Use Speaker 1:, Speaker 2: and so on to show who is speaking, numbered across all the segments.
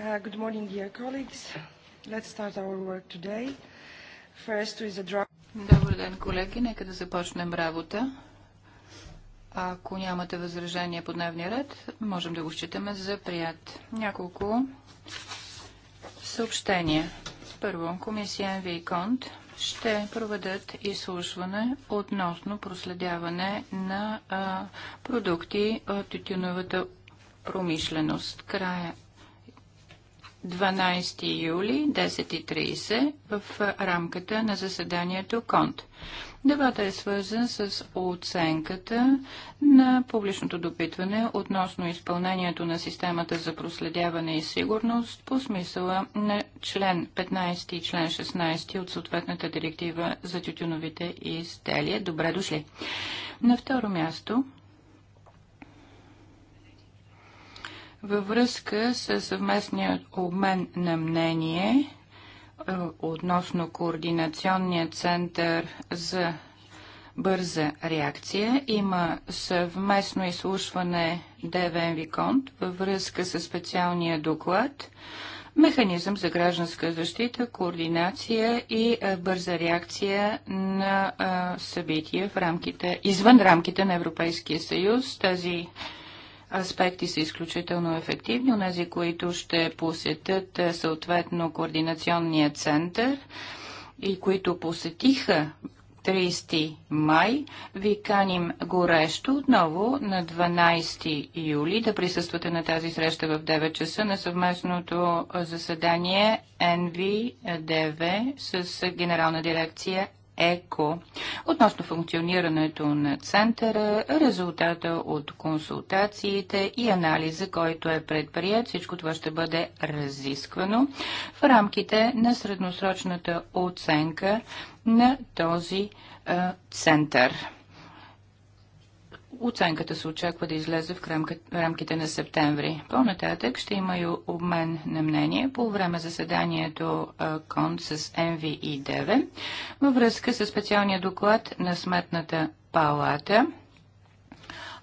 Speaker 1: Uh, good morning, dear colleagues. Let's start our work
Speaker 2: today. First is a draft. Добър ден, колеги. Нека да започнем работа. Ако нямате възражения по дневния ред, можем да го считаме за прият. Няколко съобщения. Първо, комисия НВ и Конт ще проведат изслушване относно проследяване на а, продукти от тютюновата промишленост. Края 12 юли 10.30 в рамката на заседанието КОНТ. Дебата е свързан с оценката на публичното допитване относно изпълнението на системата за проследяване и сигурност по смисъла на член 15 и член 16 от съответната директива за тютюновите изделия. Добре дошли! На второ място във връзка с съвместния обмен на мнение е, относно Координационния център за бърза реакция. Има съвместно изслушване ДВН Виконт във връзка с специалния доклад Механизъм за гражданска защита, координация и е, бърза реакция на е, събития в рамките, извън рамките на Европейския съюз. Тази аспекти са изключително ефективни. Онези, които ще посетят е, съответно координационния център и които посетиха 30 май ви каним горещо отново на 12 юли да присъствате на тази среща в 9 часа на съвместното заседание нв 9 с Генерална дирекция ЕКО относно функционирането на центъра, резултата от консултациите и анализа, който е предприят. Всичко това ще бъде разисквано в рамките на средносрочната оценка на този е, център. Оценката се очаква да излезе в рамките на септември. По-нататък ще има и обмен на мнение по време заседанието КОН с МВИ-9 във връзка с специалния доклад на Сметната палата.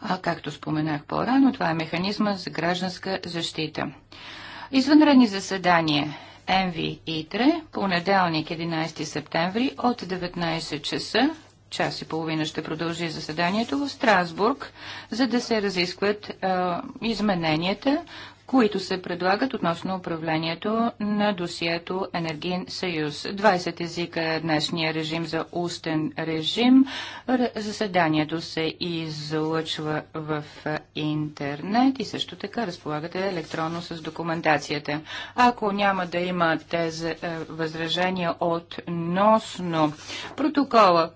Speaker 2: А както споменах по-рано, това е механизма за гражданска защита. Извънредни заседания МВИ-3, понеделник 11 септември от 19 часа час и половина ще продължи заседанието в Страсбург, за да се разискват а, измененията които се предлагат относно управлението на досието Енергиен съюз. 20 езика е днешния режим за устен режим. Заседанието се излъчва в интернет и също така разполагате електронно с документацията. Ако няма да има тези е, възражения относно протокола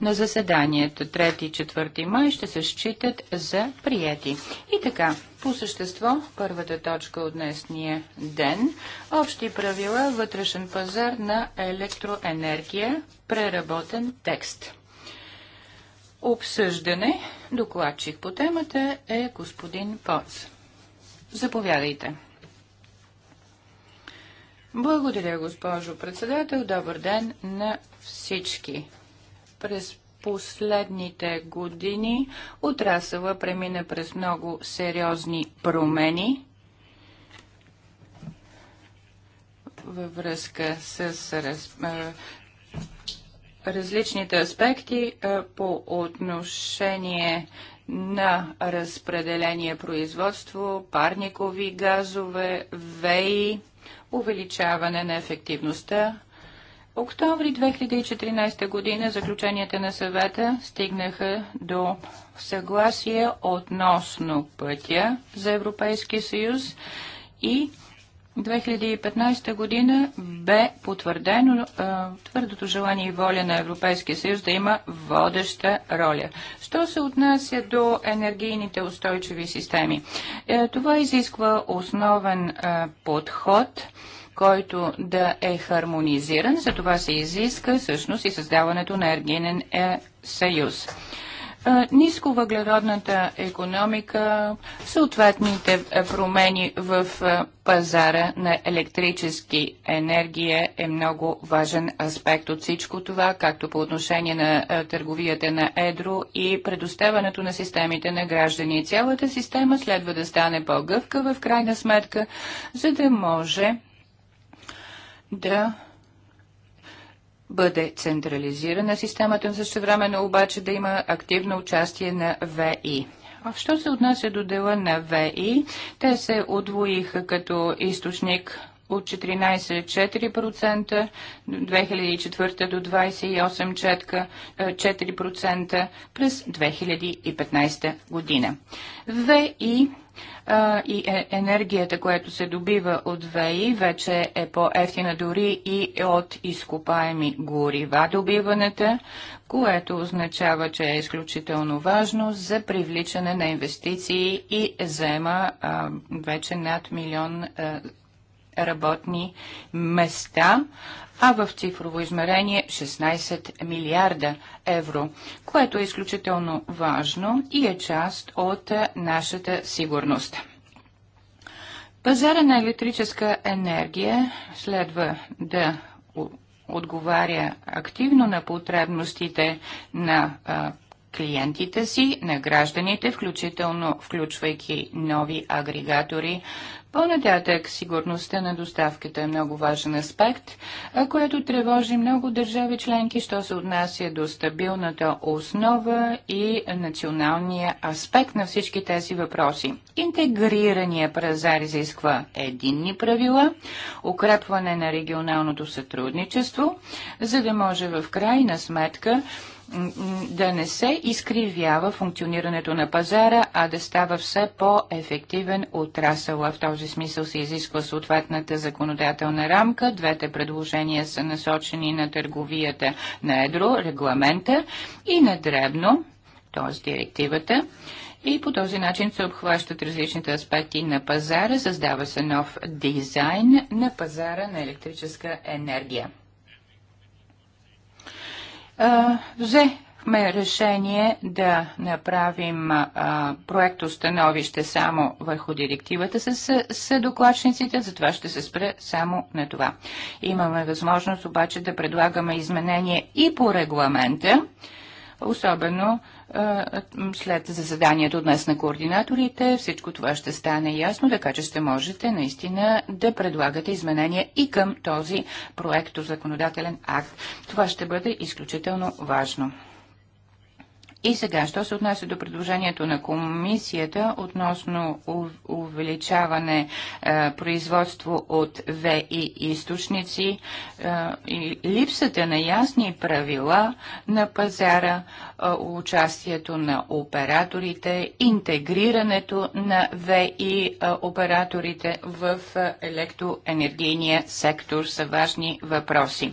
Speaker 2: на заседанието 3-4 май, ще се считат за приети. И така, по същество, първата точка от днесния ден – общи правила вътрешен пазар на електроенергия, преработен текст. Обсъждане. Докладчик по темата е господин Поц. Заповядайте. Благодаря, госпожо председател. Добър ден на всички. През последните години отрасъла премина през много сериозни промени във връзка с раз, различните аспекти по отношение на разпределение производство, парникови газове, ВЕИ, увеличаване на ефективността октомври 2014 година заключенията на съвета стигнаха до съгласие относно пътя за Европейския съюз и 2015 година бе потвърдено твърдото желание и воля на Европейския съюз да има водеща роля. Що се отнася до енергийните устойчиви системи? Е, това изисква основен подход – който да е хармонизиран. За това се изиска всъщност и създаването на енергиен е съюз. Ниско въглеродната економика, съответните промени в пазара на електрически енергия е много важен аспект от всичко това, както по отношение на търговията на едро и предоставянето на системите на граждани. Цялата система следва да стане по-гъвка в крайна сметка, за да може да бъде централизирана системата, но също време, обаче да има активно участие на ВИ. Що се отнася до дела на ВИ, те се отвоиха като източник от 14,4% 2004 до 28,4% е, през 2015 година. ВИ а, и е, енергията, която се добива от ВЕИ, вече е по-ефтина дори и от изкопаеми горива добиването, което означава, че е изключително важно за привличане на инвестиции и заема а, вече над милион а, работни места, а в цифрово измерение 16 милиарда евро, което е изключително важно и е част от нашата сигурност. Пазара на електрическа енергия следва да отговаря активно на потребностите на клиентите си, на гражданите, включително включвайки нови агрегатори по-нататък сигурността на доставката е много важен аспект, което тревожи много държави членки, що се отнася до стабилната основа и националния аспект на всички тези въпроси. Интегрирания пазар изисква единни правила, укрепване на регионалното сътрудничество, за да може в крайна сметка да не се изкривява функционирането на пазара, а да става все по-ефективен отрасъл. В този смисъл се изисква съответната законодателна рамка. Двете предложения са насочени на търговията на едро, регламента и на дребно, т.е. директивата. И по този начин се обхващат различните аспекти на пазара, създава се нов дизайн на пазара на електрическа енергия взехме решение да направим проекто становище само върху директивата с съдокладчниците, затова ще се спре само на това. Имаме възможност обаче да предлагаме изменение и по регламента, особено след заседанието днес на координаторите. Всичко това ще стане ясно, така че ще можете наистина да предлагате изменения и към този проект, законодателен акт. Това ще бъде изключително важно. И сега, що се отнася до предложението на комисията относно увеличаване е, производство от ВИ източници е, и липсата на ясни правила на пазара, е, участието на операторите, интегрирането на ВИ е, операторите в е, електроенергийния сектор са важни въпроси.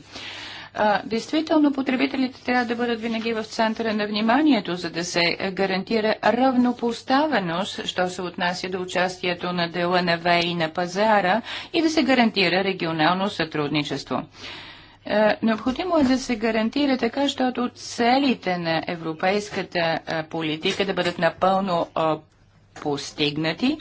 Speaker 2: А, действително, потребителите трябва да бъдат винаги в центъра на вниманието, за да се гарантира равнопоставеност, що се отнася до участието на дела на ВЕИ на пазара и да се гарантира регионално сътрудничество. Е, необходимо е да се гарантира така, защото целите на европейската е, политика да бъдат напълно е, постигнати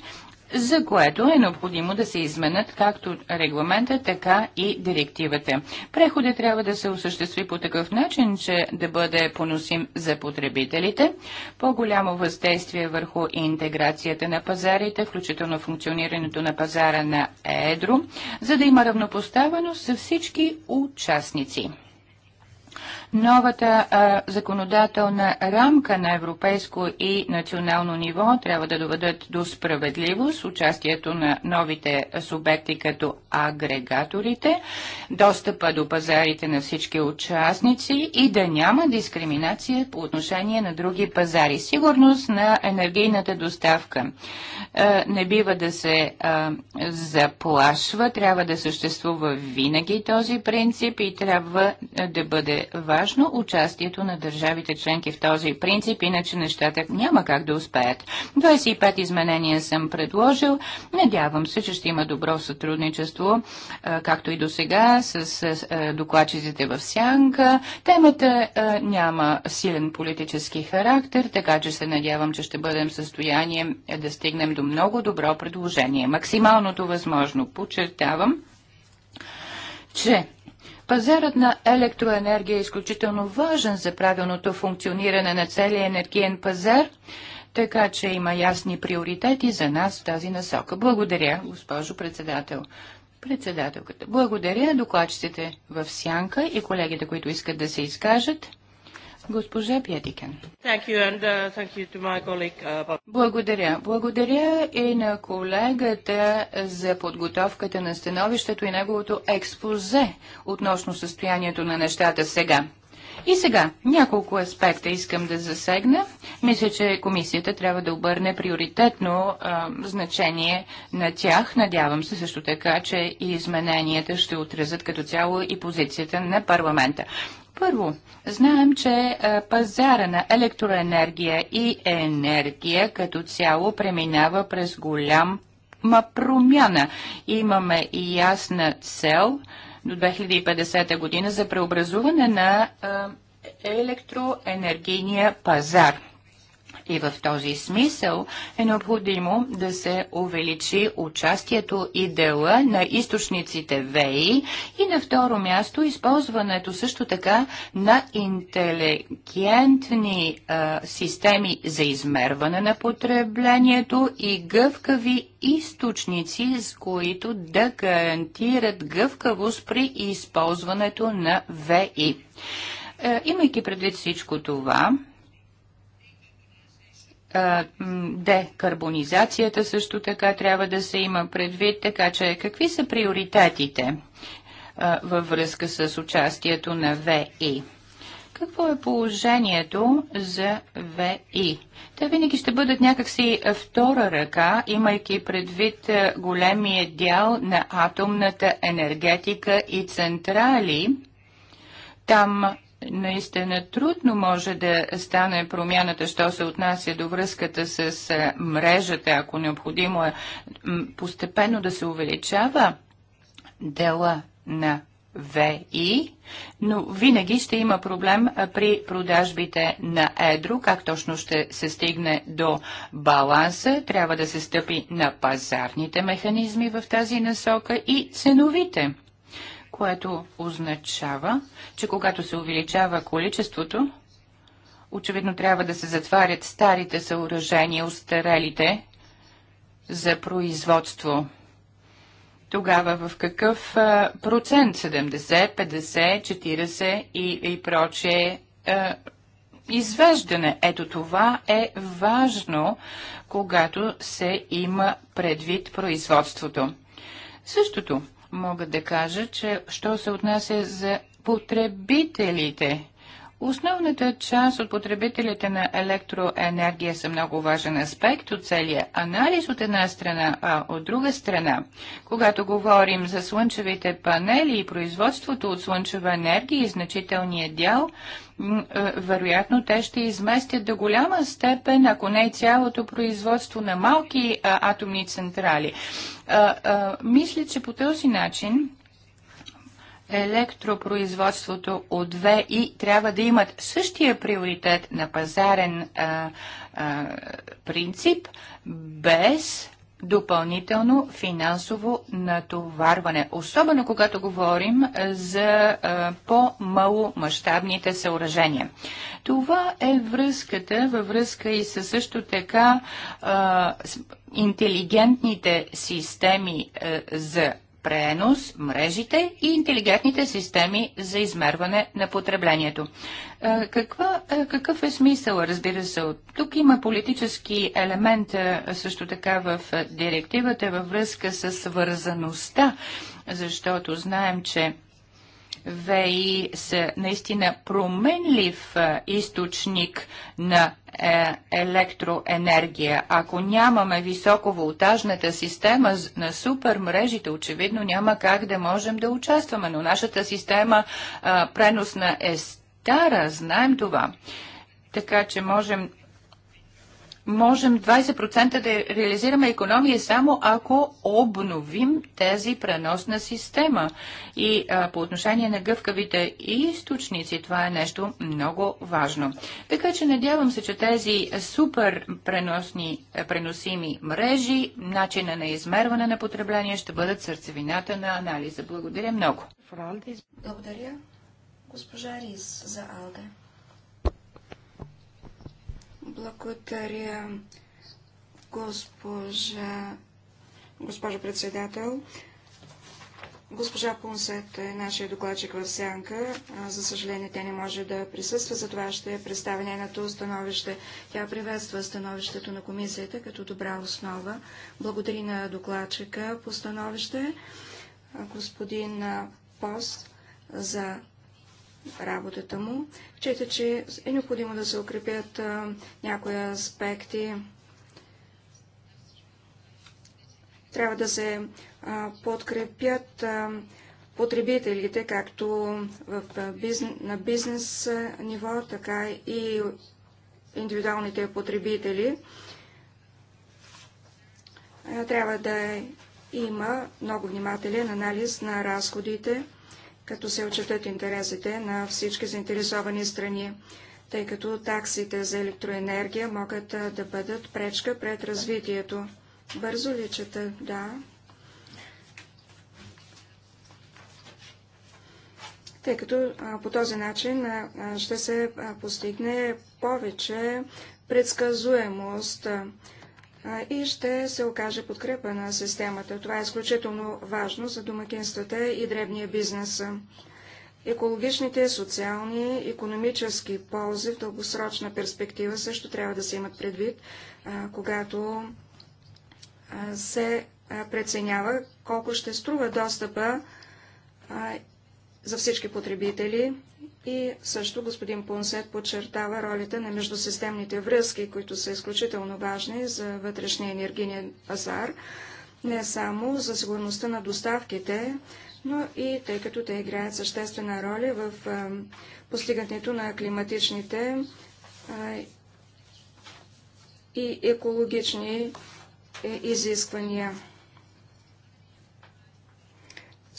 Speaker 2: за което е необходимо да се изменят както регламента, така и директивата. Преходът трябва да се осъществи по такъв начин, че да бъде поносим за потребителите, по-голямо въздействие върху интеграцията на пазарите, включително функционирането на пазара на Едро, за да има равнопоставеност за всички участници. Новата а, законодателна рамка на европейско и национално ниво трябва да доведат до справедливост участието на новите субекти като агрегаторите, достъпа до пазарите на всички участници и да няма дискриминация по отношение на други пазари. Сигурност на енергийната доставка. А, не бива да се а, заплашва, трябва да съществува винаги този принцип и трябва да бъде важен важно участието на държавите членки в този принцип, иначе нещата няма как да успеят. 25 изменения съм предложил. Надявам се, че ще има добро сътрудничество, както и до сега, с докладчиците в Сянка. Темата няма силен политически характер, така че се надявам, че ще бъдем в състояние да стигнем до много добро предложение. Максималното възможно, подчертавам, че Пазарът на електроенергия е изключително важен за правилното функциониране на целия енергиен пазар, така че има ясни приоритети за нас в тази насока. Благодаря, госпожо председател. Председателката. Благодаря докладчиците в Сянка и колегите, които искат да се изкажат. Госпожа Пятикен.
Speaker 1: Uh, uh,
Speaker 2: Благодаря. Благодаря и на колегата за подготовката на становището и неговото експозе относно състоянието на нещата сега. И сега няколко аспекта искам да засегна. Мисля, че комисията трябва да обърне приоритетно а, значение на тях. Надявам се също така, че и измененията ще отразят като цяло и позицията на парламента. Първо, знаем, че е, пазара на електроенергия и енергия като цяло преминава през голяма промяна. Имаме и ясна цел до 2050 година за преобразуване на е, електроенергийния пазар. И в този смисъл е необходимо да се увеличи участието и дела на източниците ВЕИ и на второ място използването също така на интелигентни а, системи за измерване на потреблението и гъвкави източници, с които да гарантират гъвкавост при използването на ВИ. Е, имайки предвид всичко това, декарбонизацията също така трябва да се има предвид, така че какви са приоритетите във връзка с участието на ВИ? Какво е положението за ВИ? Те винаги ще бъдат някакси втора ръка, имайки предвид големия дял на атомната енергетика и централи. Там наистина трудно може да стане промяната, що се отнася до връзката с мрежата, ако необходимо е постепенно да се увеличава дела на ВИ, но винаги ще има проблем при продажбите на едро. Как точно ще се стигне до баланса? Трябва да се стъпи на пазарните механизми в тази насока и ценовите което означава, че когато се увеличава количеството, очевидно трябва да се затварят старите съоръжения, устарелите за производство. Тогава в какъв процент? 70, 50, 40 и, и прочее извеждане. Ето това е важно, когато се има предвид производството. Същото мога да кажа, че що се отнася за потребителите. Основната част от потребителите на електроенергия са много важен аспект от целия анализ от една страна, а от друга страна, когато говорим за слънчевите панели и производството от слънчева енергия и значителния дял, е, вероятно те ще изместят до голяма степен, ако не цялото производство на малки атомни централи мисля, че по този начин електропроизводството от две и трябва да имат същия приоритет на пазарен а, а, принцип, без допълнително финансово натоварване, особено когато говорим за по-маломащабните съоръжения. Това е връзката във връзка и със също така а, интелигентните системи а, за пренос, мрежите и интелигентните системи за измерване на потреблението. Е, каква, е, какъв е смисъл, разбира се, от тук има политически елемент е, също така в директивата във връзка с свързаността, защото знаем, че ВИ са наистина променлив източник на е, електроенергия. Ако нямаме високоволтажната система на супермрежите, очевидно няма как да можем да участваме, но нашата система преносна е стара, знаем това. Така че можем можем 20% да реализираме економия само ако обновим тази преносна система. И а, по отношение на гъвкавите източници, това е нещо много важно. Така че надявам се, че тези супер преносни, преносими мрежи, начина на измерване на потребление ще бъдат сърцевината на анализа. Благодаря много.
Speaker 1: Благодаря. Госпожа Рис за Алде. Благодаря, госпожа, госпожа председател. Госпожа Пунсет е нашия докладчик в Сянка. За съжаление, тя не може да присъства, затова ще представя нейното становище. Тя приветства становището на комисията като добра основа. Благодари на докладчика по становище, господин Пост, за работата му. Чета, че е необходимо да се укрепят някои аспекти. Трябва да се подкрепят потребителите, както в, бизнес, на бизнес ниво, така и индивидуалните потребители. Трябва да има много внимателен анализ на разходите като се отчетат интересите на всички заинтересовани страни, тъй като таксите за електроенергия могат да бъдат пречка пред развитието. Бързо ли чета? Да. Тъй като по този начин ще се постигне повече предсказуемост и ще се окаже подкрепа на системата. Това е изключително важно за домакинствата и дребния бизнес. Екологичните, социални, економически ползи в дългосрочна перспектива също трябва да се имат предвид, когато се преценява колко ще струва достъпа за всички потребители и също господин Пунсет подчертава ролята на междусистемните връзки, които са изключително важни за вътрешния енергийен пазар, не само за сигурността на доставките, но и тъй като те играят съществена роля в постигането на климатичните и екологични е, изисквания.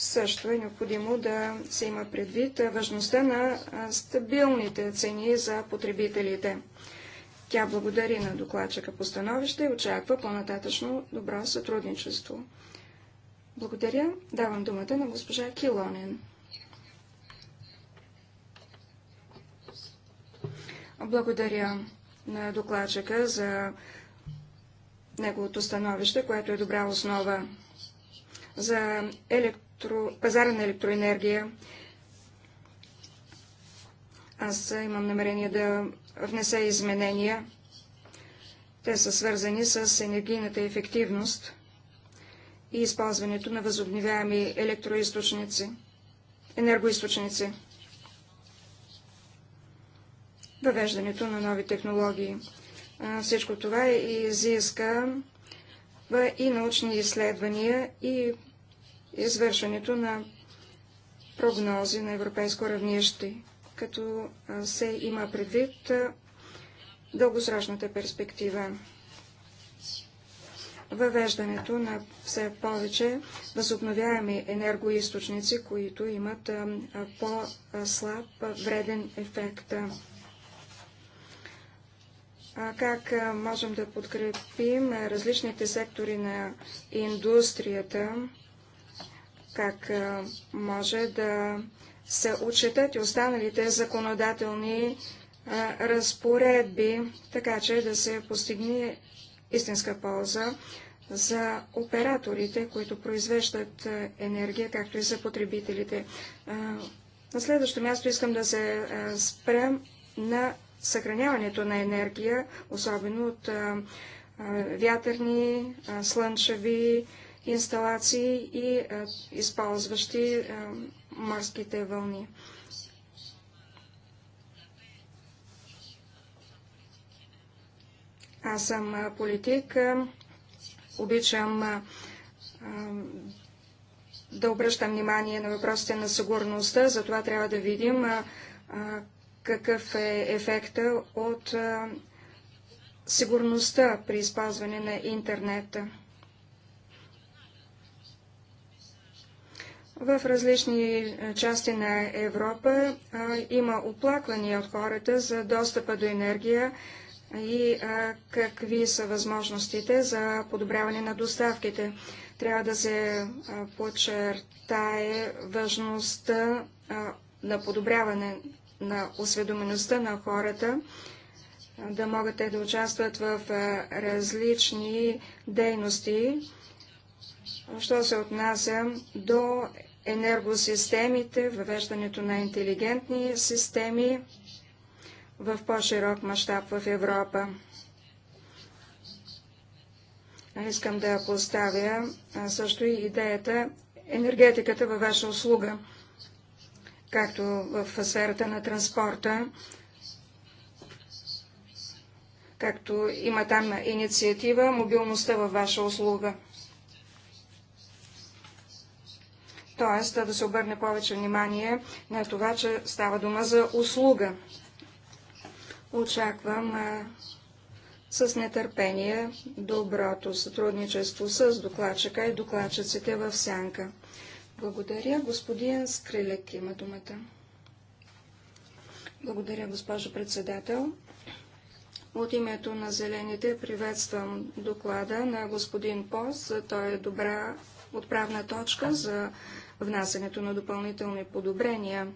Speaker 1: Също е необходимо да се има предвид важността на стабилните цени за потребителите. Тя благодари на докладчика по становище и очаква по-нататъчно добро сътрудничество. Благодаря. Давам думата на госпожа Килонен. Благодаря на докладчика за неговото становище, което е добра основа за електронно електро... пазара на електроенергия. Аз имам намерение да внеса изменения. Те са свързани с енергийната ефективност и използването на възобновяеми електроисточници, енергоисточници, въвеждането на нови технологии. Всичко това изиска и научни изследвания и извършването на прогнози на европейско равнище, като се има предвид дългосрочната перспектива. Въвеждането на все повече възобновяеми енергоисточници, които имат по-слаб вреден ефект. Как можем да подкрепим различните сектори на индустрията, как може да се отчитат и останалите законодателни разпоредби, така че да се постигне истинска полза за операторите, които произвеждат енергия, както и за потребителите. на следващо място искам да се спрем на съхраняването на енергия, особено от вятърни, слънчеви, инсталации и използващи морските вълни. Аз съм политик, обичам да обръщам внимание на въпросите на сигурността, затова трябва да видим какъв е ефекта от сигурността при използване на интернета. В различни е, части на Европа а, е, има оплаквания от хората за достъпа до енергия и а, е, какви са възможностите за подобряване на доставките. Трябва да се а, подчертае важността на подобряване на осведомеността на хората, да могат те да участват в различни дейности, що се отнася до енергосистемите, въвеждането на интелигентни системи в по-широк мащаб в Европа. Искам да поставя също и идеята енергетиката във ваша услуга, както в сферата на транспорта, както има там инициатива мобилността във ваша услуга. т.е. да се обърне повече внимание на това, че става дума за услуга. Очаквам с нетърпение доброто сътрудничество с докладчика и докладчиците в сянка. Благодаря. Господин Скрилек има думата. Благодаря, госпожо председател. От името на Зелените приветствам доклада на господин Пос. Той е добра отправна точка за внасянето на допълнителни подобрения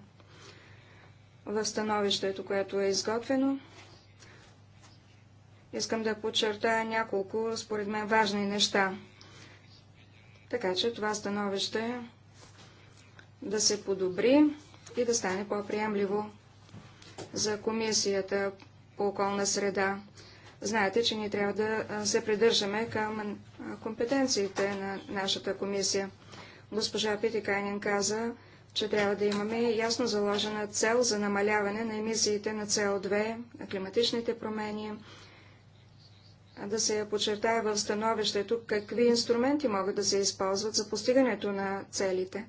Speaker 1: в становището, което е изготвено. Искам да подчертая няколко, според мен, важни неща. Така че това становище да се подобри и да стане по-приемливо за Комисията по околна среда. Знаете, че ние трябва да се придържаме към компетенциите на нашата комисия. Госпожа Питикайнен каза, че трябва да имаме ясно заложена цел за намаляване на емисиите на СО2, на климатичните промени, да се подчертая в становището какви инструменти могат да се използват за постигането на целите.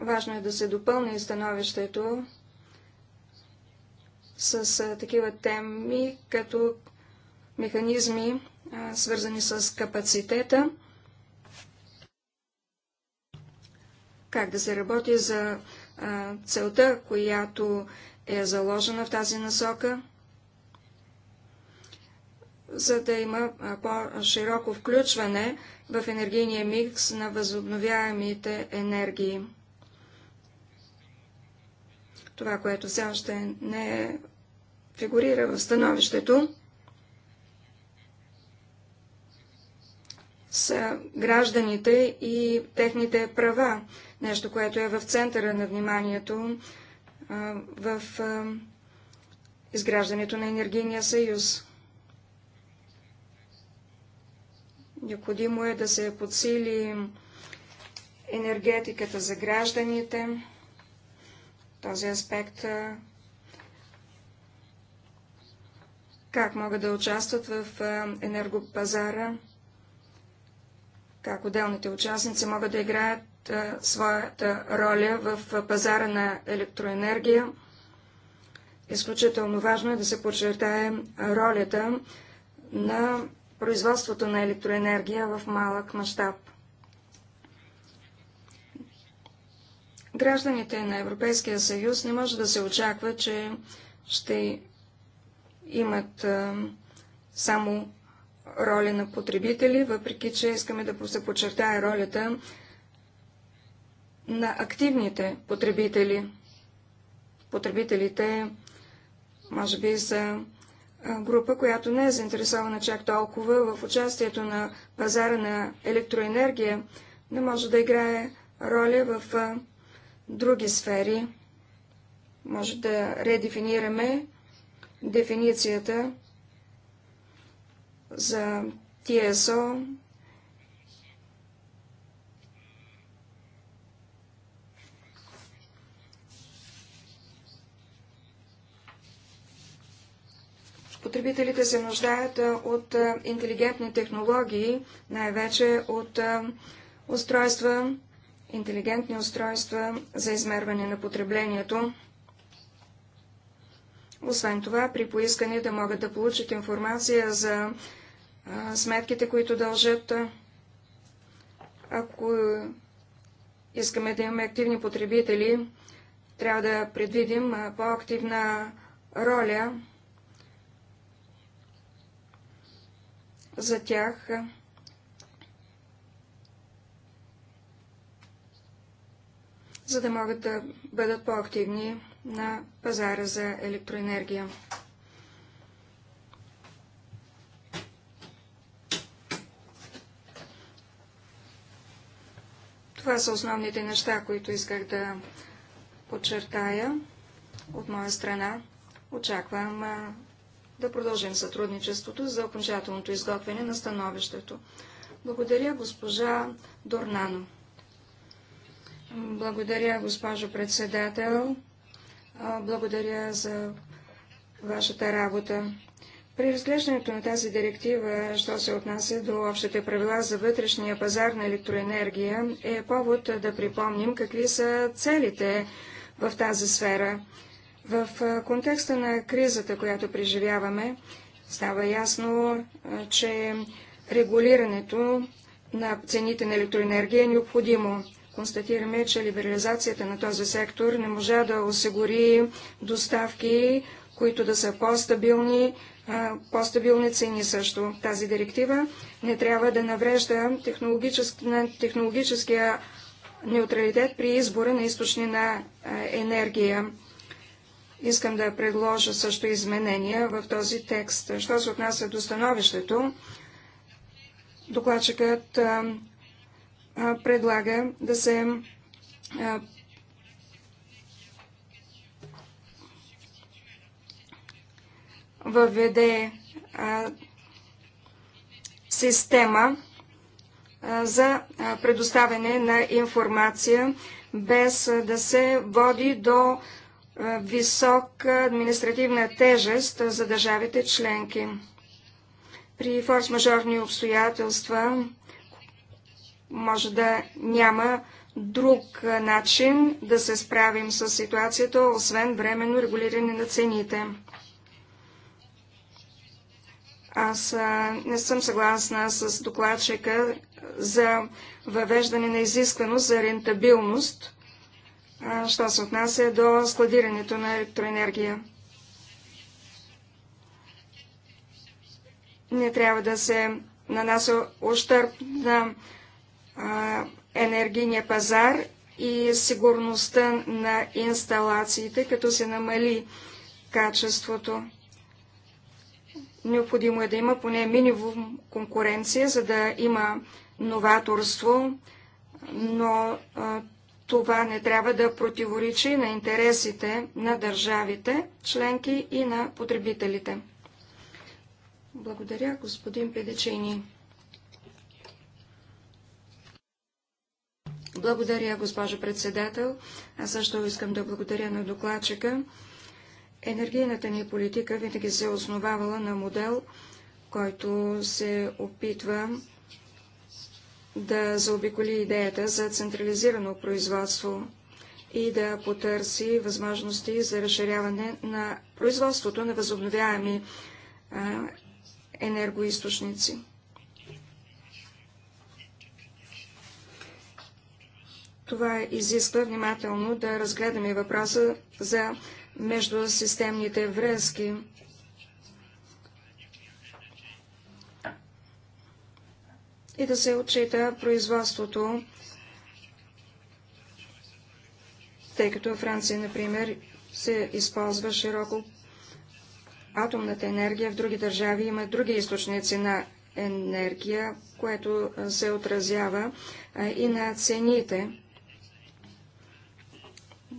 Speaker 1: Важно е да се допълни становището с а, такива теми, като механизми, а, свързани с капацитета, как да се работи за а, целта, която е заложена в тази насока, за да има по-широко включване в енергийния микс на възобновяемите енергии това, което все още не е, фигурира в становището, са гражданите и техните права. Нещо, което е в центъра на вниманието а, в а, изграждането на енергийния съюз. Необходимо е да се подсили енергетиката за гражданите, този аспект. Как могат да участват в енергопазара? Как отделните участници могат да играят своята роля в пазара на електроенергия? Изключително важно е да се подчертае ролята на производството на електроенергия в малък мащаб. гражданите на Европейския съюз не може да се очаква, че ще имат само роля на потребители, въпреки че искаме да се подчертая ролята на активните потребители. Потребителите, може би, са група, която не е заинтересована чак толкова в участието на пазара на електроенергия, не може да играе роля в други сфери. Може да редефинираме дефиницията за ТСО, Потребителите се нуждаят от интелигентни технологии, най-вече от устройства интелигентни устройства за измерване на потреблението. Освен това, при поискане да могат да получат информация за а, сметките, които дължат, ако искаме да имаме активни потребители, трябва да предвидим по-активна роля за тях за да могат да бъдат по-активни на пазара за електроенергия. Това са основните неща, които исках да подчертая от моя страна. Очаквам да продължим сътрудничеството за окончателното изготвяне на становището. Благодаря госпожа Дорнано. Благодаря, госпожо председател. Благодаря за вашата работа. При разглеждането на тази директива, що се отнася до общите правила за вътрешния пазар на електроенергия, е повод да припомним какви са целите в тази сфера. В контекста на кризата, която преживяваме, става ясно, че регулирането на цените на електроенергия е необходимо констатираме, че либерализацията на този сектор не можа да осигури доставки, които да са по-стабилни, по-стабилни цени също. Тази директива не трябва да наврежда технологическия неутралитет при избора на източни на енергия. Искам да предложа също изменения в този текст. Що се отнася до становището, докладчикът предлага да се въведе система за предоставяне на информация, без да се води до висока административна тежест за държавите членки. При форс-мажорни обстоятелства може да няма друг начин да се справим с ситуацията, освен временно регулиране на цените. Аз не съм съгласна с докладчика за въвеждане на изискваност за рентабилност, що се отнася до складирането на електроенергия. Не трябва да се нанася ущърп на енергийния пазар и сигурността на инсталациите, като се намали качеството. Необходимо е да има поне минимум конкуренция, за да има новаторство, но това не трябва да противоречи на интересите на държавите, членки и на потребителите. Благодаря, господин Педечини. Благодаря, госпожо председател. Аз също искам да благодаря на докладчика. Енергийната ни политика винаги се е основавала на модел, който се опитва да заобиколи идеята за централизирано производство и да потърси възможности за разширяване на производството на възобновяеми енергоисточници. Това изисква внимателно да разгледаме въпроса за междусистемните връзки. И да се отчита производството, тъй като в Франция, например, се използва широко атомната енергия, в други държави има други източници на енергия, което се отразява и на цените.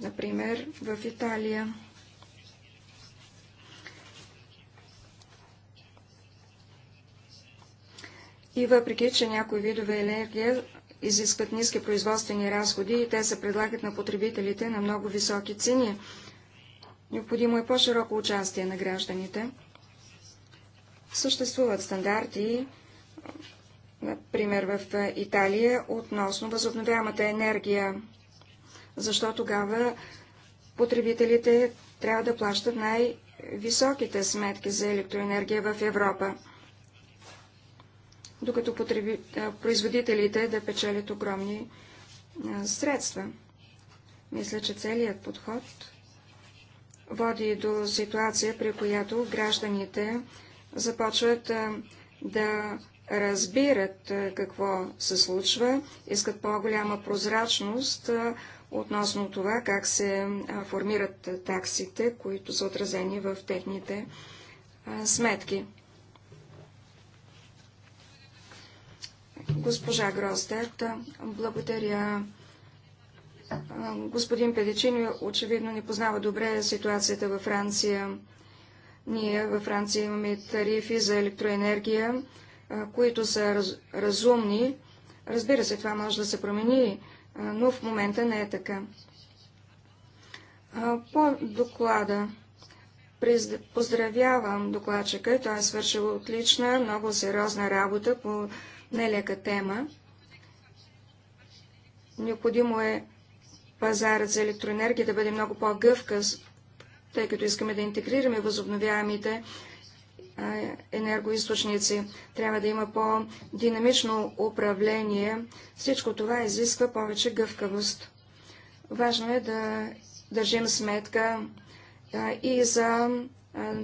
Speaker 1: Например, в Италия. И въпреки, че някои видове енергия изискват ниски производствени разходи и те се предлагат на потребителите на много високи цени, необходимо е по-широко участие на гражданите. Съществуват стандарти, например в Италия, относно възобновямата енергия защо тогава потребителите трябва да плащат най-високите сметки за електроенергия в Европа, докато потреби... производителите да печелят огромни средства. Мисля, че целият подход води до ситуация, при която гражданите започват да разбират какво се случва, искат по-голяма прозрачност относно това как се формират таксите, които са отразени в техните сметки. Госпожа Гроздерт, благодаря. Господин Педичини очевидно не познава добре ситуацията във Франция. Ние във Франция имаме тарифи за електроенергия, които са разумни. Разбира се, това може да се промени но в момента не е така. По доклада поздравявам докладчика, той е свършил отлична, много сериозна работа по нелека тема. Необходимо е пазарът за електроенергия да бъде много по гъвка тъй като искаме да интегрираме възобновяемите енергоисточници. Трябва да има по-динамично управление. Всичко това изисква повече гъвкавост. Важно е да държим сметка и за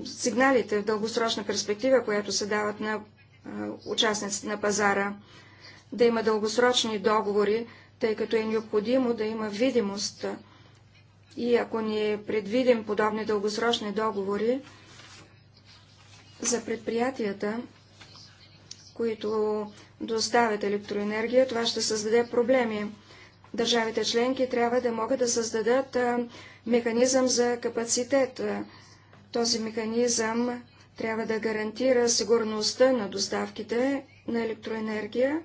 Speaker 1: сигналите в дългосрочна перспектива, която се дават на участниците на пазара, да има дългосрочни договори, тъй като е необходимо да има видимост. И ако ни предвидим подобни дългосрочни договори, за предприятията, които доставят електроенергия, това ще създаде проблеми. Държавите членки трябва да могат да създадат механизъм за капацитет. Този механизъм трябва да гарантира сигурността на доставките на електроенергия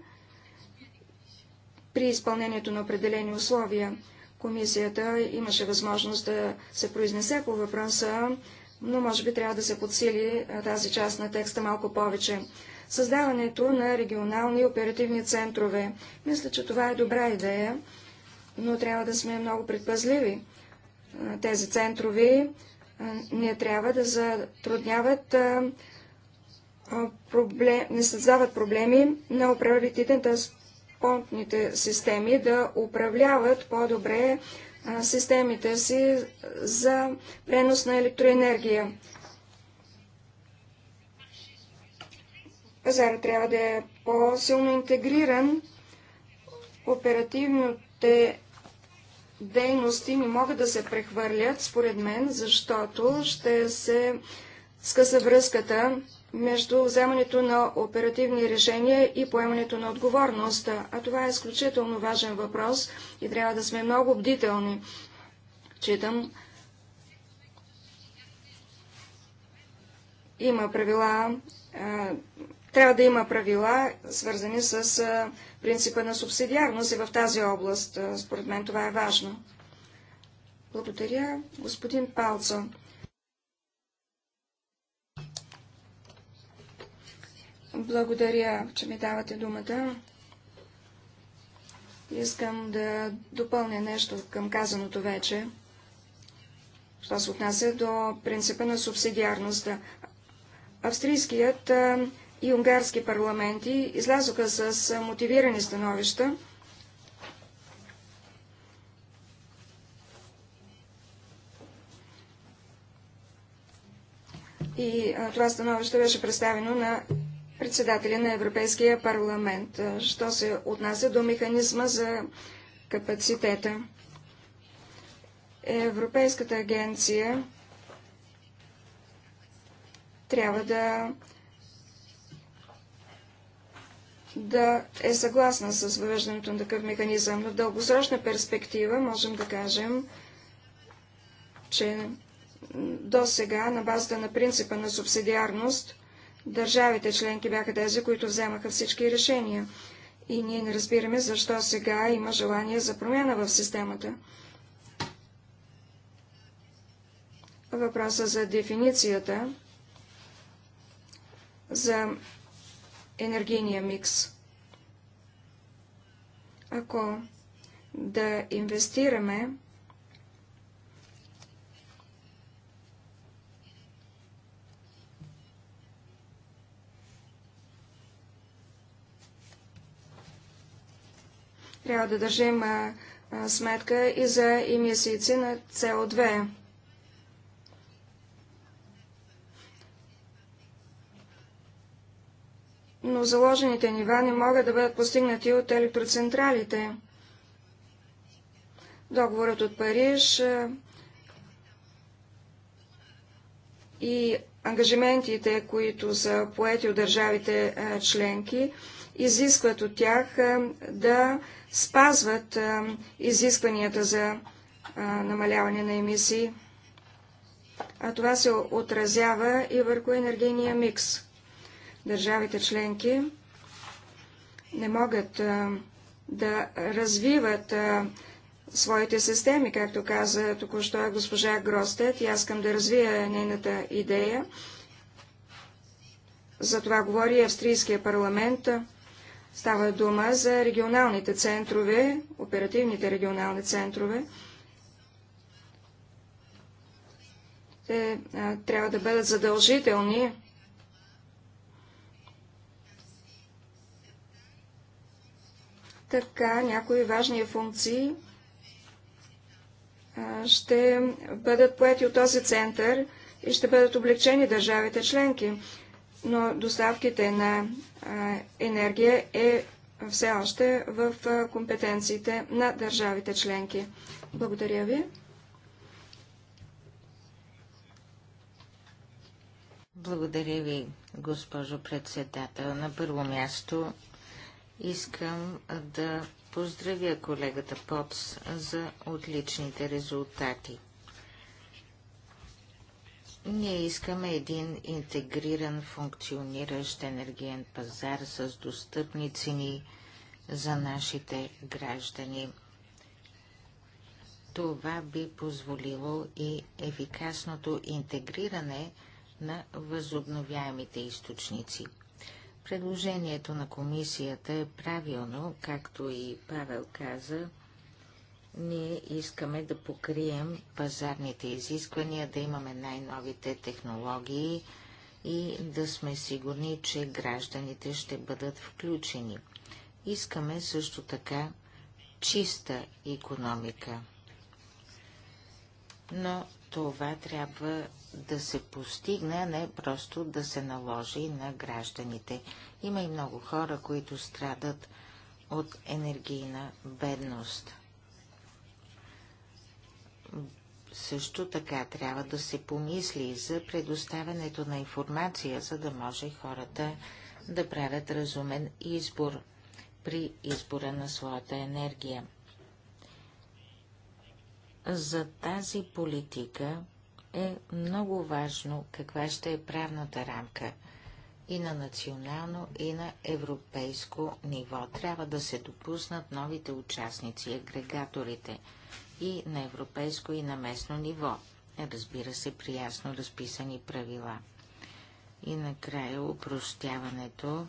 Speaker 1: при изпълнението на определени условия. Комисията имаше възможност да се произнесе по въпроса но може би трябва да се подсили тази част на текста малко повече. Създаването на регионални оперативни центрове. Мисля, че това е добра идея, но трябва да сме много предпазливи. Тези центрови не трябва да затрудняват проблем, не създават проблеми на управителите на спортните системи да управляват по-добре системите си за пренос на електроенергия. Пазара трябва да е по-силно интегриран. Оперативните дейности не могат да се прехвърлят, според мен, защото ще се скъса връзката между вземането на оперативни решения и поемането на отговорност. А това е изключително важен въпрос и трябва да сме много бдителни. Читам, има правила, трябва да има правила, свързани с принципа на субсидиарност и в тази област. според мен това е важно. Благодаря, господин Палцо. Благодаря, че ми давате думата. Искам да допълня нещо към казаното вече, що се отнася до принципа на субсидиарността. Австрийският и унгарски парламенти излязоха с мотивирани становища, и това становище беше представено на председателя на Европейския парламент, що се отнася до механизма за капацитета. Европейската агенция трябва да, да е съгласна с въвеждането на такъв механизъм, но в дългосрочна перспектива можем да кажем, че до сега на базата на принципа на субсидиарност Държавите членки бяха тези, които вземаха всички решения. И ние не разбираме защо сега има желание за промяна в системата. Въпроса за дефиницията за енергийния микс. Ако да инвестираме Трябва да държим сметка и за емисиите на CO2. Но заложените нива не могат да бъдат постигнати от електроцентралите. Договорът от Париж и ангажиментите, които са поети от държавите членки, изискват от тях да спазват а, изискванията за а, намаляване на емисии, а това се отразява и върху енергийния микс. Държавите членки не могат а, да развиват своите системи, както каза току-що госпожа Гростет, и аз искам да развия нейната идея. За това говори Австрийския парламент. Става дума за регионалните центрове, оперативните регионални центрове. Те а, трябва да бъдат задължителни. Така някои важни функции а, ще бъдат поети от този център и ще бъдат облегчени държавите членки но доставките на енергия е все още в компетенциите на държавите членки. Благодаря ви.
Speaker 3: Благодаря ви, госпожо председател. На първо място искам да поздравя колегата Попс за отличните резултати. Ние искаме един интегриран, функциониращ енергиен пазар с достъпни цени за нашите граждани. Това би позволило и ефикасното интегриране на възобновяемите източници. Предложението на комисията е правилно, както и Павел каза, ние искаме да покрием пазарните изисквания, да имаме най-новите технологии и да сме сигурни, че гражданите ще бъдат включени. Искаме също така чиста економика. Но това трябва да се постигне, а не просто да се наложи на гражданите. Има и много хора, които страдат от енергийна бедност. Също така трябва да се помисли за предоставянето на информация, за да може хората да правят разумен избор при избора на своята енергия. За тази политика е много важно каква ще е правната рамка и на национално, и на европейско ниво. Трябва да се допуснат новите участници, агрегаторите – и на европейско и на местно ниво. Е, разбира се, при ясно разписани правила. И накрая упростяването,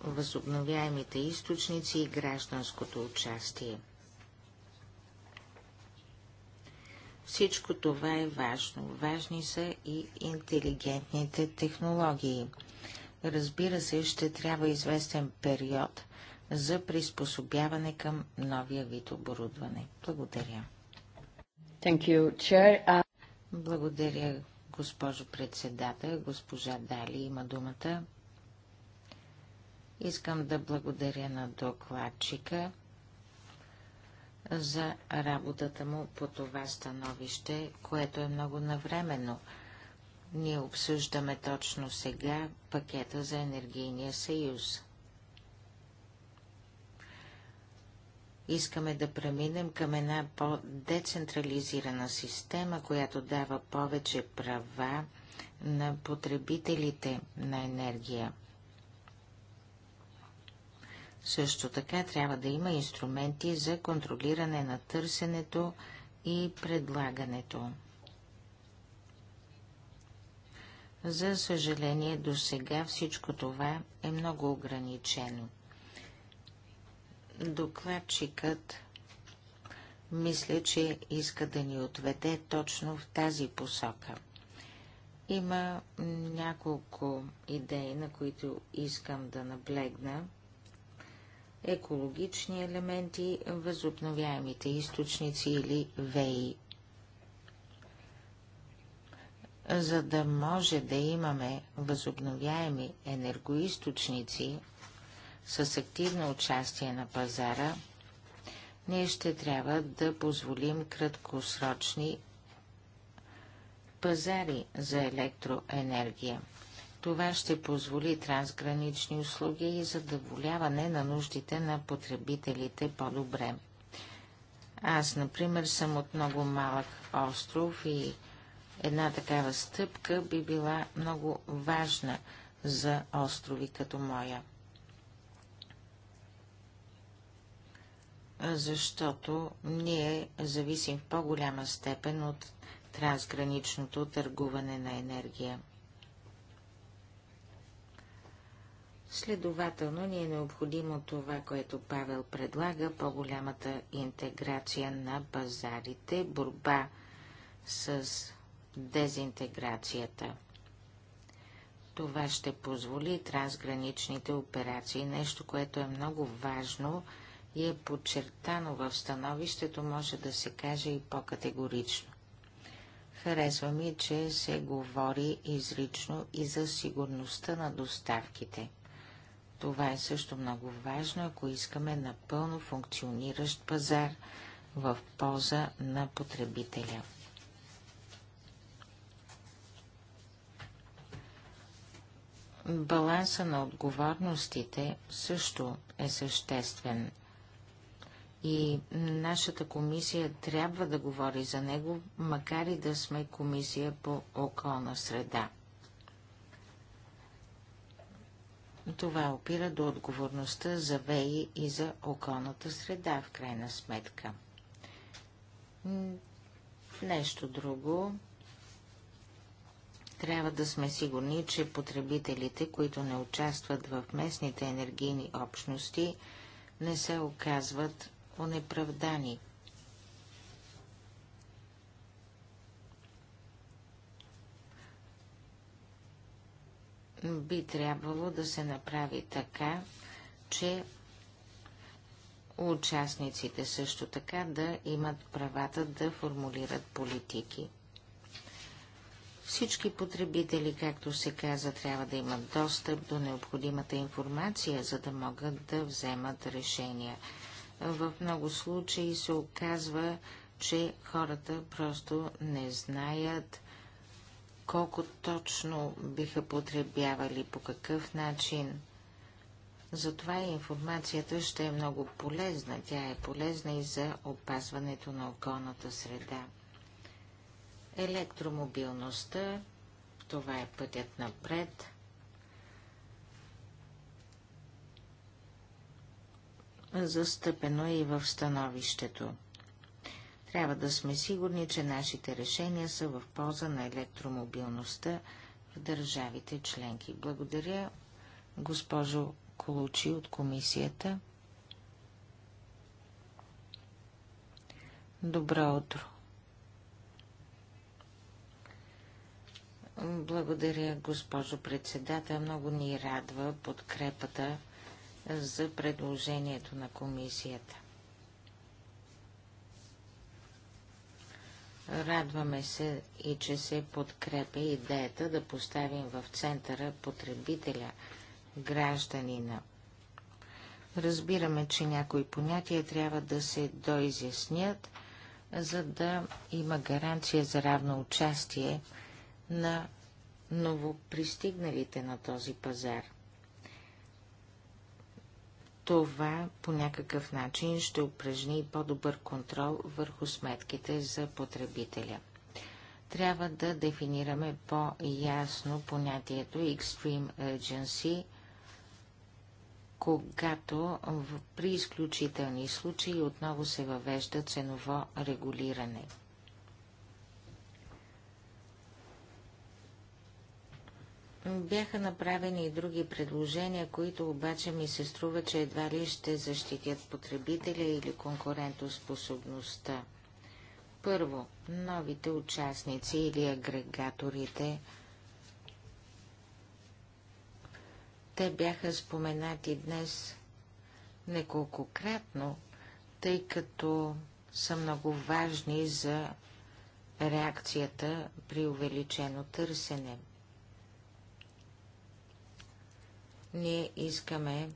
Speaker 3: възобновяемите източници и гражданското участие. Всичко това е важно. Важни са и интелигентните технологии. Разбира се, ще трябва известен период за приспособяване към новия вид оборудване. Благодаря. Thank you, chair. Uh... Благодаря, госпожо председател. Госпожа Дали има думата. Искам да благодаря на докладчика за работата му по това становище, което е много навременно. Ние обсъждаме точно сега пакета за енергийния съюз. Искаме да преминем към една по-децентрализирана система, която дава повече права на потребителите на енергия. Също така трябва да има инструменти за контролиране на търсенето и предлагането. За съжаление, до сега всичко това е много ограничено – Докладчикът мисля, че иска да ни отведе точно в тази посока. Има няколко идеи, на които искам да наблегна. Екологични елементи, възобновяемите източници или ВЕИ. За да може да имаме възобновяеми енергоисточници, с активно участие на пазара, ние ще трябва да позволим краткосрочни пазари за електроенергия. Това ще позволи трансгранични услуги и задоволяване на нуждите на потребителите по-добре. Аз, например, съм от много малък остров и една такава стъпка би била много важна за острови като моя. защото ние зависим в по-голяма степен от трансграничното търгуване на енергия. Следователно ни е необходимо това, което Павел предлага, по-голямата интеграция на пазарите, борба с дезинтеграцията. Това ще позволи трансграничните операции, нещо, което е много важно – и е подчертано в становището, може да се каже и по-категорично. Харесва ми, че се говори изрично и за сигурността на доставките. Това е също много важно, ако искаме напълно функциониращ пазар в полза на потребителя. Баланса на отговорностите също е съществен и нашата комисия трябва да говори за него, макар и да сме комисия по околна среда. Това опира до отговорността за ВЕИ и за околната среда, в крайна сметка. Нещо друго. Трябва да сме сигурни, че потребителите, които не участват в местните енергийни общности, не се оказват онеправдани. Би трябвало да се направи така, че участниците също така да имат правата да формулират политики. Всички потребители, както се каза, трябва да имат достъп до необходимата информация, за да могат да вземат решения в много случаи се оказва, че хората просто не знаят колко точно биха потребявали, по какъв начин. Затова информацията ще е много полезна. Тя е полезна и за опазването на околната среда. Електромобилността, това е пътят напред – застъпено е и в становището. Трябва да сме сигурни, че нашите решения са в полза на електромобилността в държавите членки. Благодаря, госпожо Колучи от комисията. Добро утро! Благодаря, госпожо председател. Много ни радва подкрепата за предложението на комисията. Радваме се и че се подкрепя идеята да поставим в центъра потребителя, гражданина. Разбираме, че някои понятия трябва да се доизяснят, за да има гаранция за равно участие на новопристигналите на този пазар – това по някакъв начин ще упражни по-добър контрол върху сметките за потребителя. Трябва да дефинираме по-ясно понятието Extreme Urgency, когато при изключителни случаи отново се въвежда ценово регулиране – Бяха направени и други предложения, които обаче ми се струва, че едва ли ще защитят потребителя или конкурентоспособността. Първо, новите участници или агрегаторите. Те бяха споменати днес неколкократно, тъй като са много важни за реакцията при увеличено търсене. Ние искаме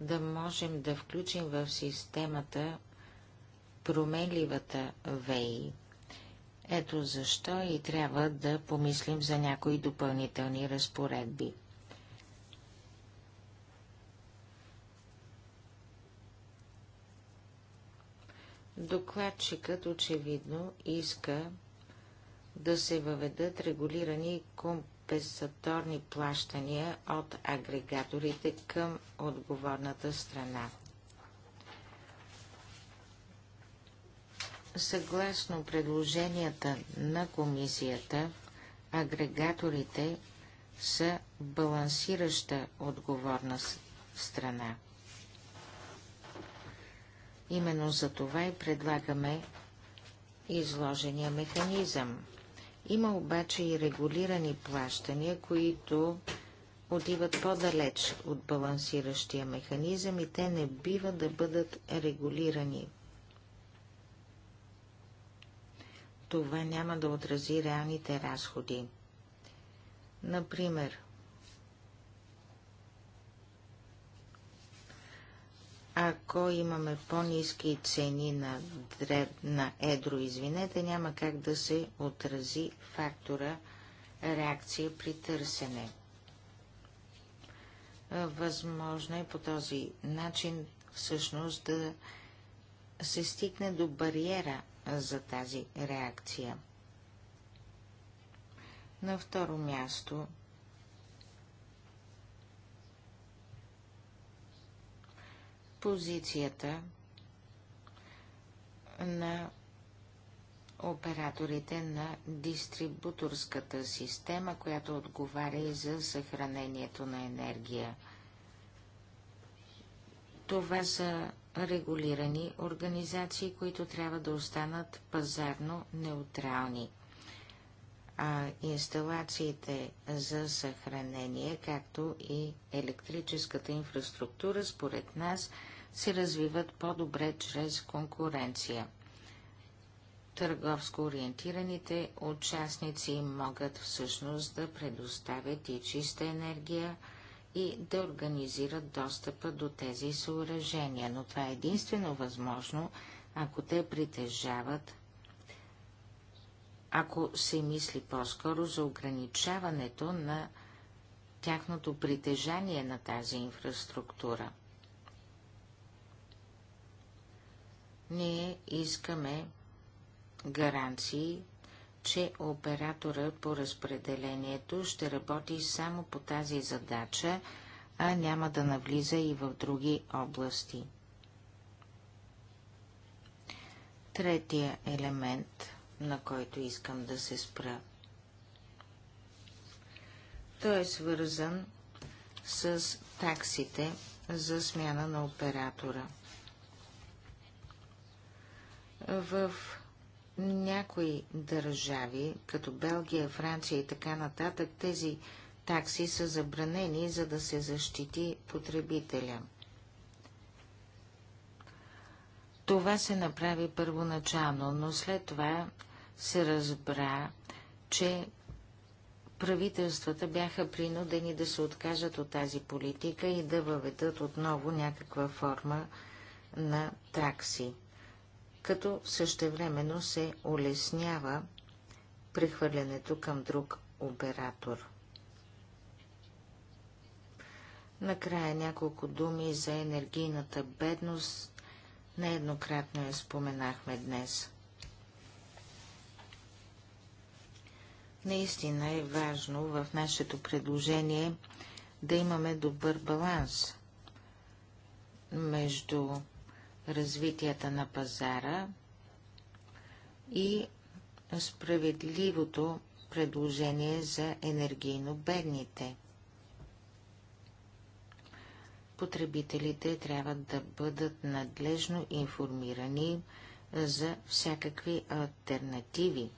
Speaker 3: да можем да включим в системата променливата ВЕИ. Ето защо и трябва да помислим за някои допълнителни разпоредби. Докладчикът очевидно иска да се въведат регулирани компетентни безсъторни плащания от агрегаторите към отговорната страна. Съгласно предложенията на комисията, агрегаторите са балансираща отговорна страна. Именно за това и предлагаме изложения механизъм – има обаче и регулирани плащания, които отиват по-далеч от балансиращия механизъм и те не бива да бъдат регулирани. Това няма да отрази реалните разходи. Например, Ако имаме по-низки цени на, дреб, на едро, извинете, няма как да се отрази фактора реакция при търсене. Възможно е по този начин всъщност да се стигне до бариера за тази реакция. На второ място позицията на операторите на дистрибуторската система, която отговаря и за съхранението на енергия. Това са регулирани организации, които трябва да останат пазарно неутрални. А инсталациите за съхранение, както и електрическата инфраструктура, според нас – се развиват по-добре чрез конкуренция. Търговско ориентираните участници могат всъщност да предоставят и чиста енергия и да организират достъпа до тези съоръжения, но това е единствено възможно, ако те притежават ако се мисли по-скоро за ограничаването на тяхното притежание на тази инфраструктура. Ние искаме гаранции, че оператора по разпределението ще работи само по тази задача, а няма да навлиза и в други области. Третия елемент, на който искам да се спра. Той е свързан с таксите за смяна на оператора – в някои държави, като Белгия, Франция и така нататък, тези такси са забранени, за да се защити потребителя. Това се направи първоначално, но след това се разбра, че правителствата бяха принудени да се откажат от тази политика и да въведат отново някаква форма на такси като същевременно се улеснява прехвърлянето към друг оператор. Накрая няколко думи за енергийната бедност. Нееднократно я споменахме днес. Наистина е важно в нашето предложение да имаме добър баланс между развитията на пазара и справедливото предложение за енергийно бедните. Потребителите трябва да бъдат надлежно информирани за всякакви альтернативи.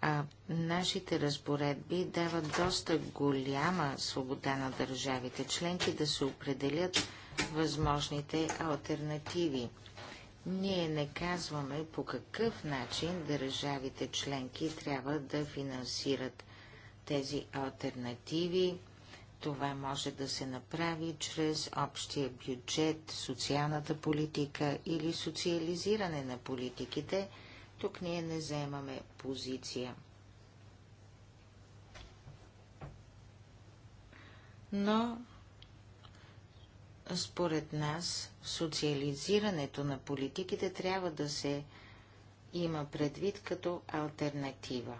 Speaker 3: А нашите разпоредби дават доста голяма свобода на държавите членки да се определят възможните альтернативи. Ние не казваме по какъв начин държавите членки трябва да финансират тези альтернативи. Това може да се направи чрез общия бюджет, социалната политика или социализиране на политиките. Тук ние не заемаме позиция. Но според нас, социализирането на политиките трябва да се има предвид като альтернатива.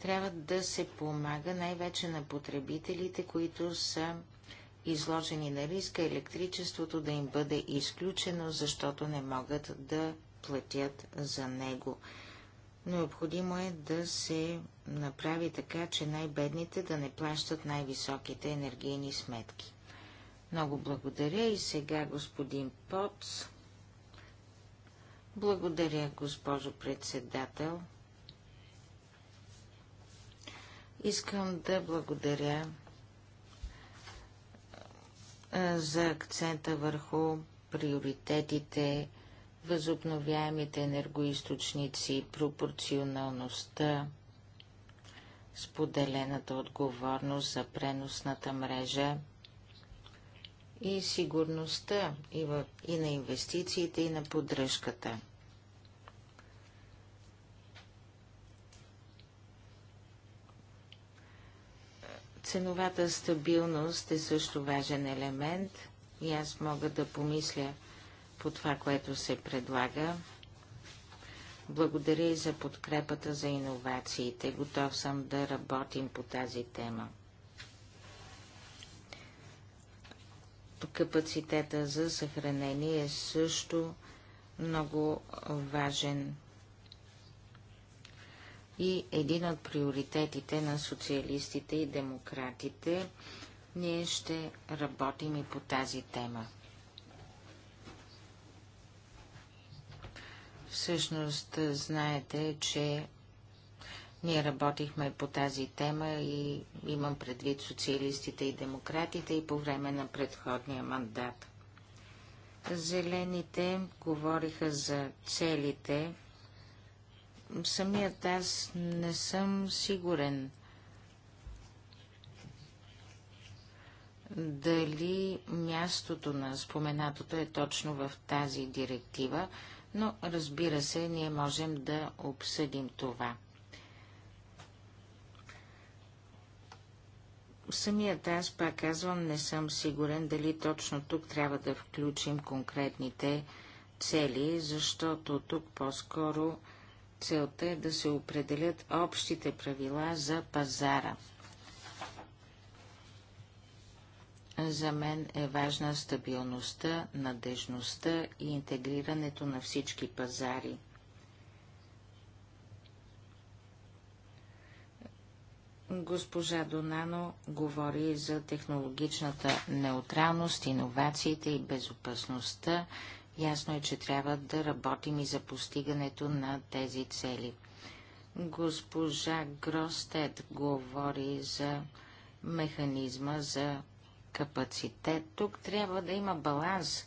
Speaker 3: Трябва да се помага най-вече на потребителите, които са изложени на риска електричеството да им бъде изключено, защото не могат да платят за него. Необходимо е да се направи така, че най-бедните да не плащат най-високите енергийни сметки. Много благодаря и сега господин Поц. Благодаря, госпожо председател. Искам да благодаря за акцента върху приоритетите възобновяемите енергоисточници, пропорционалността, споделената отговорност за преносната мрежа и сигурността и, в, и на инвестициите, и на поддръжката. Ценовата стабилност е също важен елемент и аз мога да помисля по това, което се предлага. Благодаря и за подкрепата за иновациите. Готов съм да работим по тази тема. Капацитета за съхранение е също много важен и един от приоритетите на социалистите и демократите. Ние ще работим и по тази тема. Всъщност, знаете, че ние работихме по тази тема и имам предвид социалистите и демократите и по време на предходния мандат. Зелените говориха за целите. Самият аз не съм сигурен дали мястото на споменатото е точно в тази директива, но разбира се, ние можем да обсъдим това. Самият аз, пак казвам, не съм сигурен дали точно тук трябва да включим конкретните цели, защото тук по-скоро целта е да се определят общите правила за пазара. За мен е важна стабилността, надежността и интегрирането на всички пазари. Госпожа Донано говори за технологичната неутралност, иновациите и безопасността. Ясно е, че трябва да работим и за постигането на тези цели. Госпожа Гростет говори за механизма за капацитет. Тук трябва да има баланс.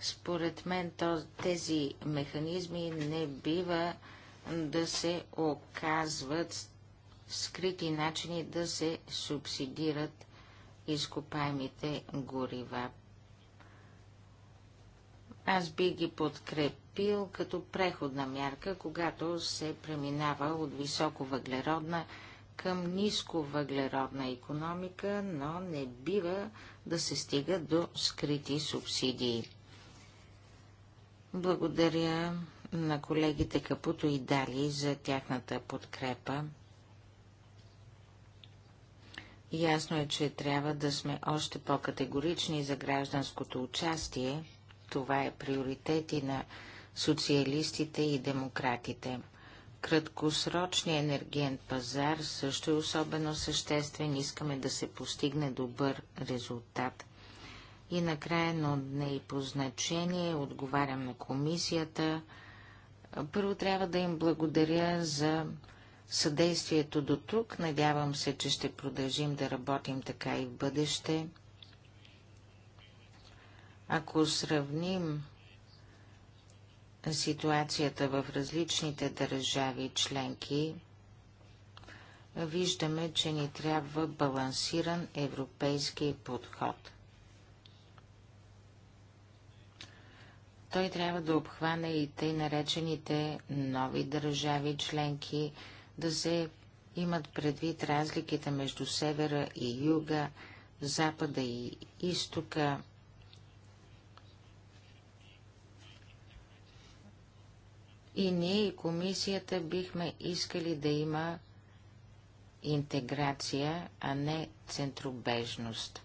Speaker 3: Според мен тези механизми не бива да се оказват скрити начини да се субсидират изкопаемите горива. Аз би ги подкрепил като преходна мярка, когато се преминава от високо въглеродна към ниско въглеродна економика, но не бива да се стига до скрити субсидии. Благодаря на колегите Капуто и Дали за тяхната подкрепа. Ясно е, че трябва да сме още по-категорични за гражданското участие. Това е приоритети на социалистите и демократите. Краткосрочния енергиен пазар също е особено съществен. Искаме да се постигне добър резултат. И накрая, но не и по значение, отговарям на комисията. Първо трябва да им благодаря за съдействието до тук. Надявам се, че ще продължим да работим така и в бъдеще. Ако сравним ситуацията в различните държави членки, виждаме, че ни трябва балансиран европейски подход. Той трябва да обхване и тъй наречените нови държави членки, да се имат предвид разликите между севера и юга, запада и изтока, И ние и комисията бихме искали да има интеграция, а не центробежност.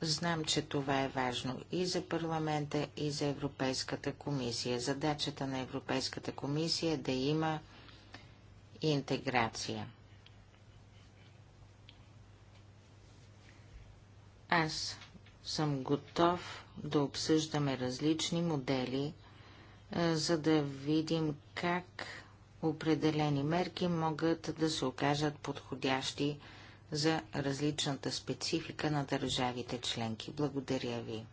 Speaker 3: Знам, че това е важно и за парламента, и за Европейската комисия. Задачата на Европейската комисия е да има интеграция. Аз съм готов да обсъждаме различни модели – е, за да видим как определени мерки могат да се окажат подходящи за различната специфика на държавите членки. Благодаря ви.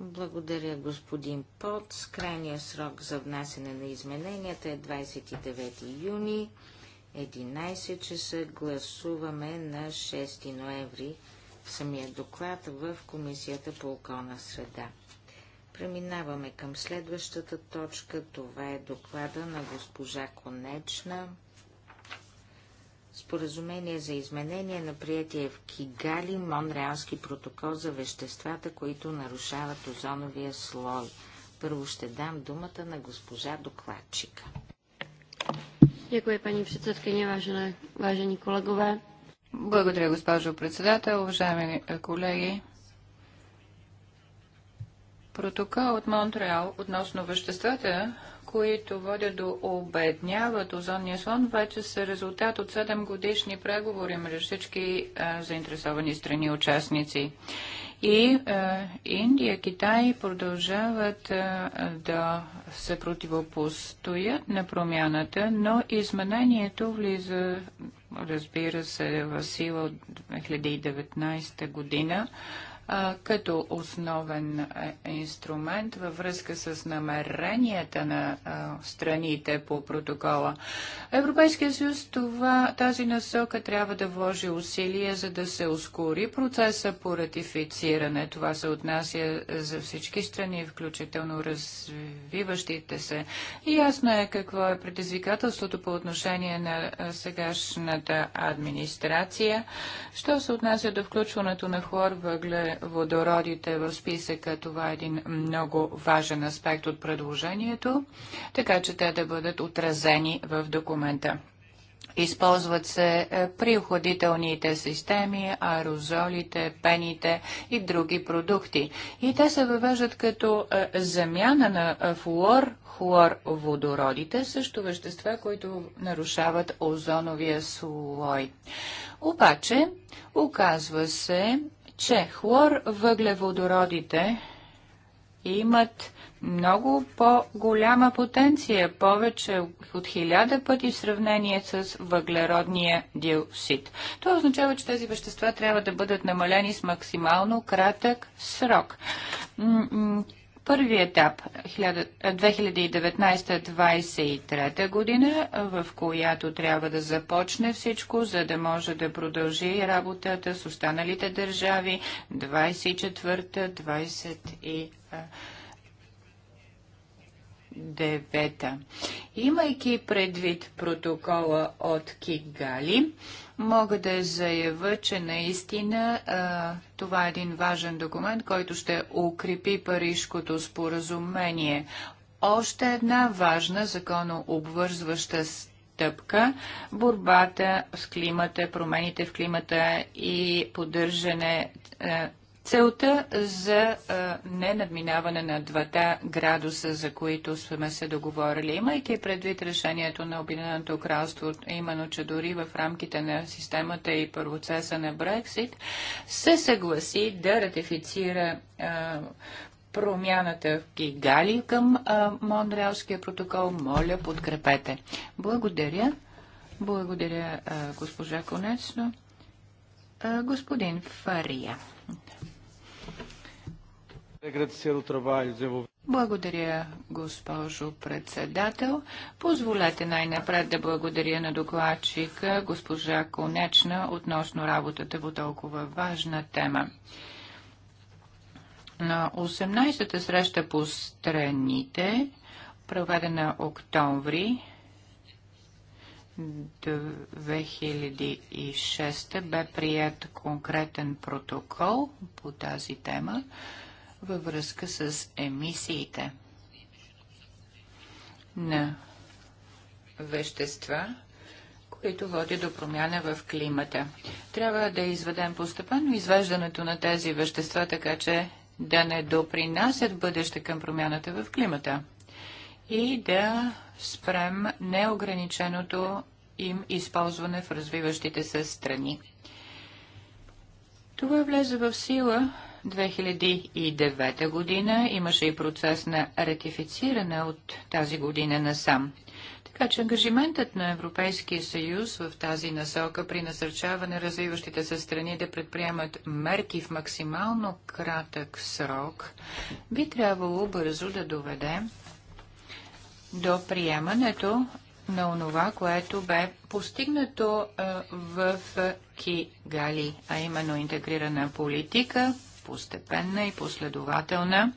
Speaker 3: Благодаря, господин Пот. Крайния срок за внасене на измененията е 29 юни, 11 часа. Гласуваме на 6 ноември самия доклад в Комисията по околна среда. Преминаваме към следващата точка. Това е доклада на госпожа Конечна. Споразумение за изменение на приятие в Кигали Монреалски протокол за веществата, които нарушават озоновия слой. Първо ще дам думата на госпожа докладчика.
Speaker 1: Дякую, пани председателя, важени, важени колегове.
Speaker 2: Благодаря, госпожо председател, уважаеми колеги. Протокол от Монтреал относно веществата, които водят до обедняват озонния слон, вече са резултат от 7 годишни преговори между всички а, е, заинтересовани страни участници. И а, е, Индия, Китай продължават а, е, да се противопостоят на промяната, но изменението влиза, разбира се, в сила от 2019 година като основен инструмент във връзка с намеренията на страните по протокола. Европейския съюз това, тази насока трябва да вложи усилия, за да се ускори процеса по ратифициране. Това се отнася за всички страни, включително развиващите се. И ясно е какво е предизвикателството по отношение на сегашната администрация. Що се отнася до включването на хлор въгле водородите в списъка. Това е един много важен аспект от предложението, така че те да бъдат отразени в документа. Използват се е, при охладителните системи, аерозолите, пените и други продукти. И те се въвеждат като е, замяна на е, флуор, хлор, водородите, също вещества, които нарушават озоновия слой. Обаче, оказва се, че хлор въглеводородите имат много по-голяма потенция, повече от хиляда пъти в сравнение с въглеродния диоксид. Това означава, че тези вещества трябва да бъдат намалени с максимално кратък срок. Първи етап 2019-2023 е, година, в която трябва да започне всичко, за да може да продължи работата с останалите държави 24-29. Имайки предвид протокола от Кигали, мога да заявя, че наистина а, това е един важен документ, който ще укрепи Парижското споразумение. Още една важна законообвързваща стъпка – борбата с климата, промените в климата и поддържане Целта за а, ненадминаване на двата градуса, за които сме се договорили, имайки предвид решението на Обединеното кралство, именно, че дори в рамките на системата и процеса на Брексит, се съгласи да ратифицира а, промяната в Кигали към а, Монреалския протокол. Моля, подкрепете. Благодаря. Благодаря, а, госпожа Конечно. А, господин Фария. Благодаря, госпожо председател. Позволете най-напред да благодаря на докладчика госпожа Конечна относно работата по толкова важна тема. На 18-та среща по страните, проведена октомври 2006, бе прият конкретен протокол по тази тема във връзка с емисиите на вещества, които води до промяна в климата. Трябва да изведем постепенно извеждането на тези вещества, така че да не допринасят бъдеще към промяната в климата и да спрем неограниченото им използване в развиващите се страни. Това влезе в сила 2009 година имаше и процес на ратифициране от тази година насам. Така че ангажиментът на Европейския съюз в тази насока при насърчаване развиващите се страни да предприемат мерки в максимално кратък срок би трябвало бързо да доведе до приемането на онова, което бе постигнато в Кигали, а именно интегрирана политика, постепенна и последователна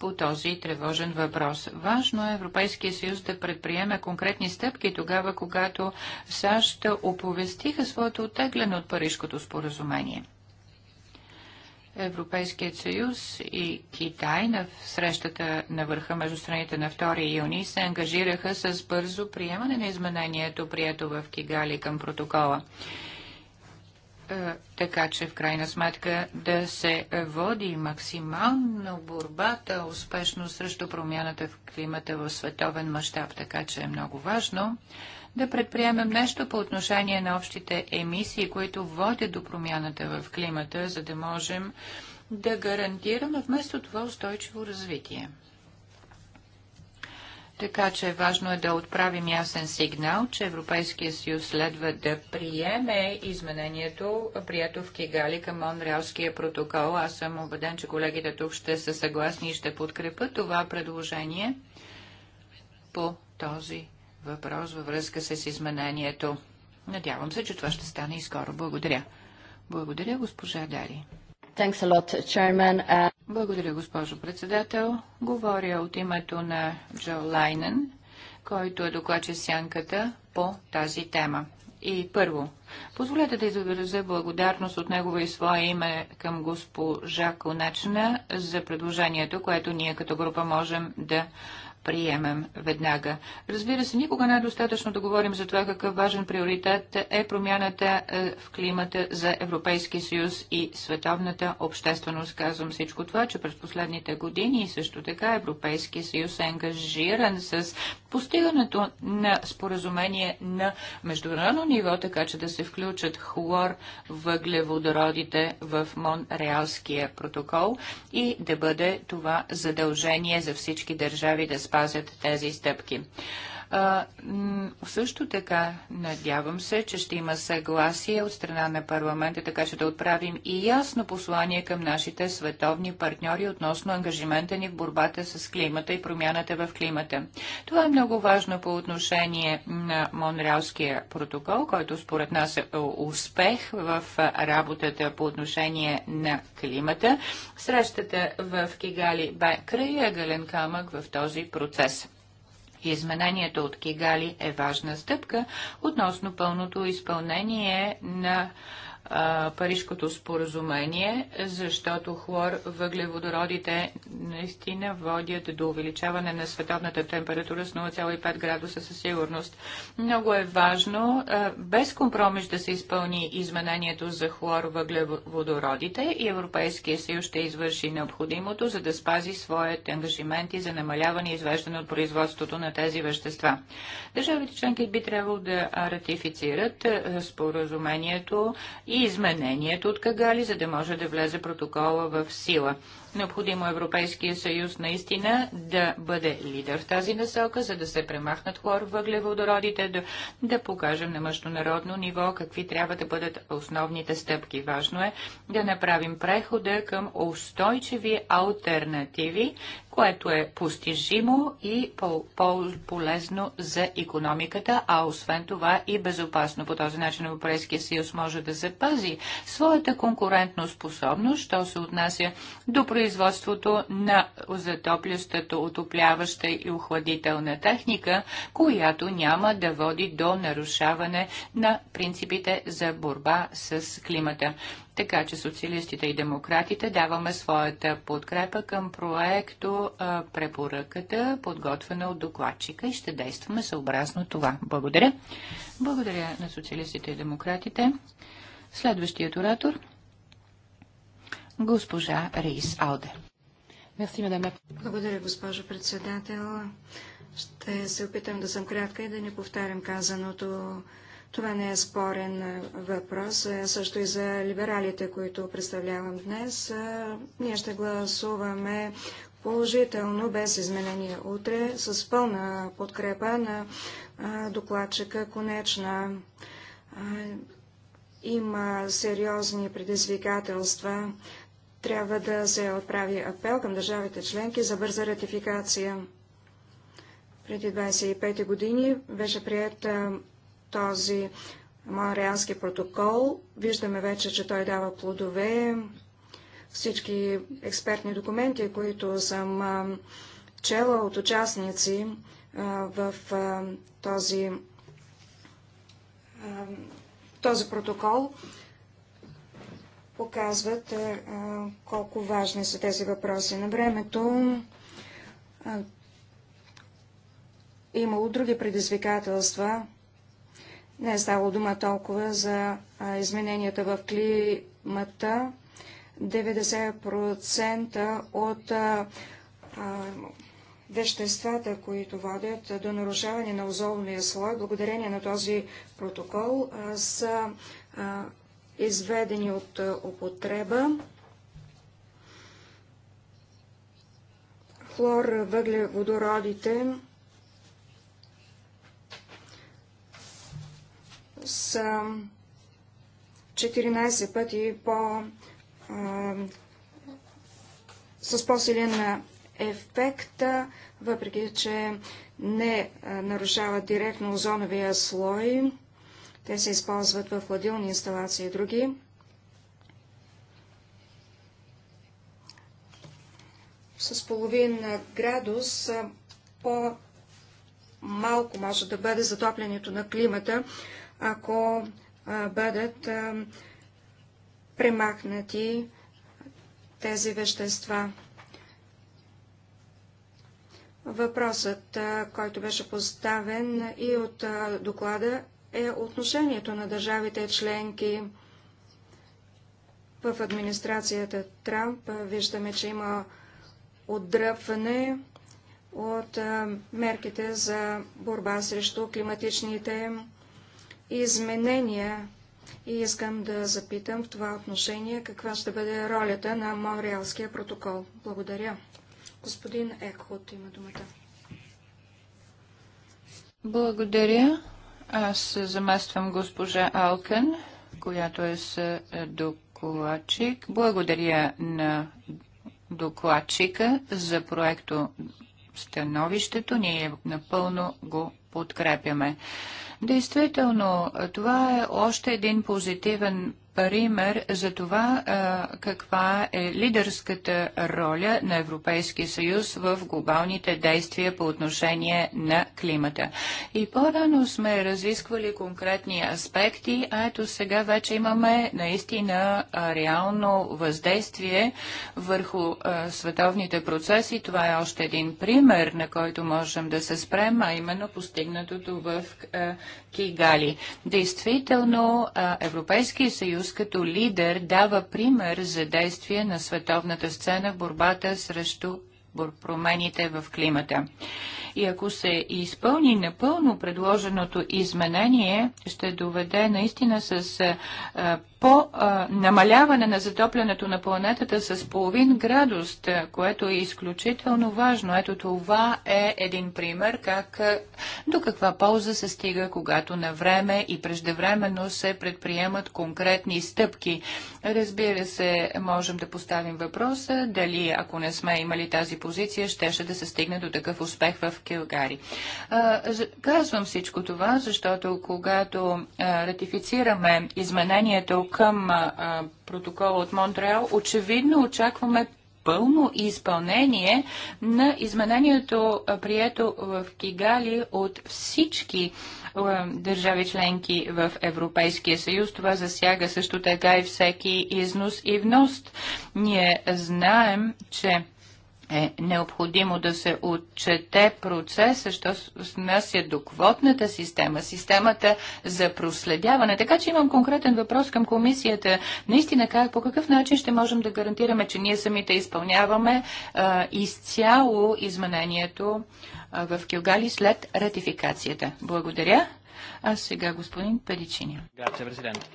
Speaker 2: по този тревожен въпрос. Важно е Европейския съюз да предприеме конкретни стъпки тогава, когато САЩ оповестиха своето оттегляне от Парижкото споразумение. Европейският съюз и Китай на срещата на върха между страните на 2 юни се ангажираха с бързо приемане на изменението, прието в Кигали към протокола. Е, така че в крайна сметка да се води максимално борбата успешно срещу промяната в климата в световен мащаб, така че е много важно да предприемем нещо по отношение на общите емисии, които водят до промяната в климата, за да можем да гарантираме вместо това устойчиво развитие. Така че важно е да отправим ясен сигнал, че Европейския съюз следва да приеме изменението, прието в Кигали към Монреалския протокол. Аз съм убеден, че колегите тук ще са съгласни и ще подкрепят това предложение по този въпрос във връзка с изменението. Надявам се, че това ще стане и скоро. Благодаря. Благодаря, госпожа Дари. Uh, Благодаря, госпожо председател. Говоря от името на Джо Лайнен, който е докладче сянката по тази тема. И първо, позволете да изразя благодарност от негово и свое име към госпожа Коначна за предложението, което ние като група можем да приемам веднага. Разбира се, никога не е достатъчно да говорим за това какъв важен приоритет е промяната е, в климата за Европейски съюз и световната общественост. Казвам всичко това, че през последните години и също така Европейски съюз е ангажиран с постигането на споразумение на международно ниво, така че да се включат хлор въглеводородите в Монреалския протокол и да бъде това задължение за всички държави да спазят тези стъпки. А, също така, надявам се, че ще има съгласие от страна на парламента, така че да отправим и ясно послание към нашите световни партньори относно ангажимента ни в борбата с климата и промяната в климата. Това е много важно по отношение на Монреалския протокол, който според нас е успех в работата по отношение на климата. Срещата в Кигали бе краягален камък в този процес. Изменението от Кигали е важна стъпка относно пълното изпълнение на Парижкото споразумение, защото хлор въглеводородите наистина водят до увеличаване на световната температура с 0,5 градуса със сигурност. Много е важно без компромис да се изпълни изменението за хлор въглеводородите и Европейския съюз ще извърши необходимото, за да спази своите ангажименти за намаляване и извеждане от производството на тези вещества. Държавите членки би трябвало да ратифицират споразумението и изменението от Кагали, за да може да влезе протокола в сила. Необходимо е Европейския съюз наистина да бъде лидер в тази насока, за да се премахнат хлор въглеводородите, да, да покажем на международно ниво какви трябва да бъдат основните стъпки. Важно е да направим прехода към устойчиви альтернативи, което е постижимо и по-полезно -по за економиката, а освен това и безопасно. По този начин Европейския съюз може да запази своята конкурентна способност, що се отнася до производството на затоплящата, отопляваща и охладителна техника, която няма да води до нарушаване на принципите за борба с климата. Така че социалистите и демократите даваме своята подкрепа към проекто препоръката, подготвена от докладчика и ще действаме съобразно това. Благодаря. Благодаря на социалистите и демократите. Следващият оратор госпожа Рейс Ауде.
Speaker 1: Благодаря, госпожо председател. Ще се опитам да съм кратка и да не повтарям казаното. Това не е спорен въпрос, също и за либералите, които представлявам днес. Ние ще гласуваме положително, без изменение утре, с пълна подкрепа на докладчика Конечна. Има сериозни предизвикателства трябва да се отправи апел към държавите членки за бърза ратификация. Преди 25 години беше прият този Монреалски протокол. Виждаме вече, че той дава плодове. Всички експертни документи, които съм чела от участници в този, този протокол, показват а, колко важни са тези въпроси. На времето а, имало други предизвикателства. Не е стало дума толкова за а, измененията в климата. 90% от а, а, веществата, които водят до нарушаване на озонния слой, благодарение на този протокол, а, са а, изведени от е, употреба. Хлор, е, въгле водородите, са 14 пъти по, а, е, с по-силен ефект, въпреки че не нарушава директно озоновия слой. Те се използват в хладилни инсталации и други. С половин градус по-малко може да бъде затоплянето на климата, ако бъдат премахнати тези вещества. Въпросът, който беше поставен и от доклада, е отношението на държавите членки в администрацията Трамп. Виждаме, че има отдръпване от мерките за борба срещу климатичните изменения. И искам да запитам в това отношение каква ще бъде ролята на Монреалския протокол. Благодаря. Господин Екхот има думата.
Speaker 2: Благодаря. Аз замествам госпожа Алкен, която е с докладчик. Благодаря на докладчика за проекто становището. Ние напълно го подкрепяме. Действително, това е още един позитивен пример за това каква е лидерската роля на Европейския съюз в глобалните действия по отношение на климата. И по-рано сме разисквали конкретни аспекти, а ето сега вече имаме наистина реално въздействие върху световните процеси. Това е още един пример, на който можем да се спрем, а именно постигнатото в Кигали. Действително, Европейския съюз като лидер дава пример за действие на световната сцена в борбата срещу промените в климата. И ако се изпълни напълно предложеното изменение, ще доведе наистина с по намаляване на затоплянето на планетата с половин градус, което е изключително важно. Ето това е един пример как до каква полза се стига, когато на време и преждевременно се предприемат конкретни стъпки. Разбира се, можем да поставим въпроса дали ако не сме имали тази позиция, щеше да се стигне до такъв успех в Келгари. Казвам всичко това, защото когато ратифицираме изменението към протокола от Монтреал, очевидно очакваме пълно изпълнение на изменението, прието в Кигали от всички държави членки в Европейския съюз. Това засяга също така и всеки износ и внос. Ние знаем, че е необходимо да се отчете процеса, що снася до квотната система, системата за проследяване. Така че имам конкретен въпрос към комисията. Наистина, как, по какъв начин ще можем да гарантираме, че ние самите изпълняваме а, изцяло изменението а, в Килгали след ратификацията? Благодаря. А сега господин Педичини.
Speaker 3: Благодаря, президент.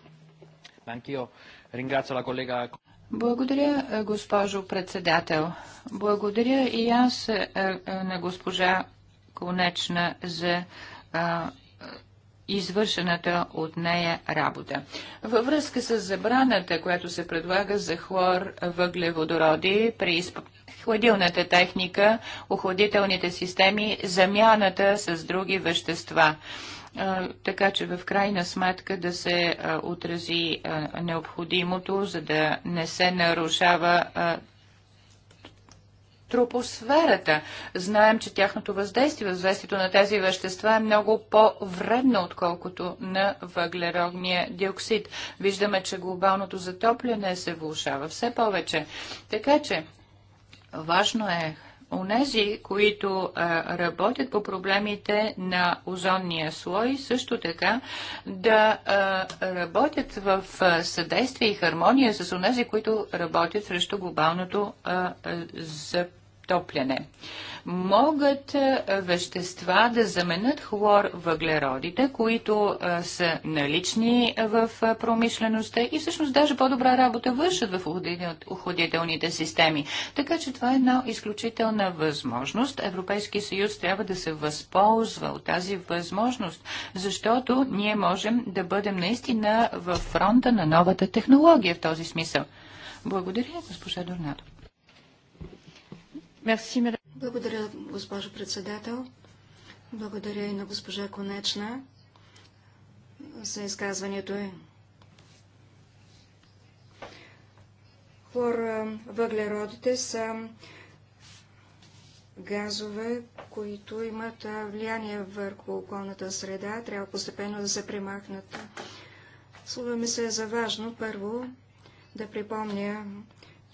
Speaker 1: Ringrazio la collega
Speaker 2: благодаря, е, госпожо председател. Благодаря и аз е, е, на госпожа Конечна за извършената от нея работа. Във връзка с забраната, която се предлага за хлор въглеводороди при хладилната техника, охладителните системи, замяната с други вещества така че в крайна сметка да се отрази необходимото, за да не се нарушава тропосферата. Знаем, че тяхното въздействие, въздействието на тези вещества е много по-вредно, отколкото на въглеродния диоксид. Виждаме, че глобалното затопляне се влушава все повече. Така че, важно е Онези, които работят по проблемите на озонния слой, също така да работят в съдействие и хармония с онези, които работят срещу глобалното а, за топляне. Могат вещества да заменят хлор въглеродите, които са налични в промишлеността и всъщност даже по-добра работа вършат в охладителните системи. Така че това е една изключителна възможност. Европейски съюз трябва да се възползва от тази възможност, защото ние можем да бъдем наистина в фронта на новата технология в този смисъл. Благодаря, госпожа Дорнадо.
Speaker 1: Благодаря, госпожо председател. Благодаря и на госпожа Конечна за изказването й. въглеродите са газове, които имат влияние върху околната среда, трябва постепенно да се премахнат. Слува ми се е за важно първо да припомня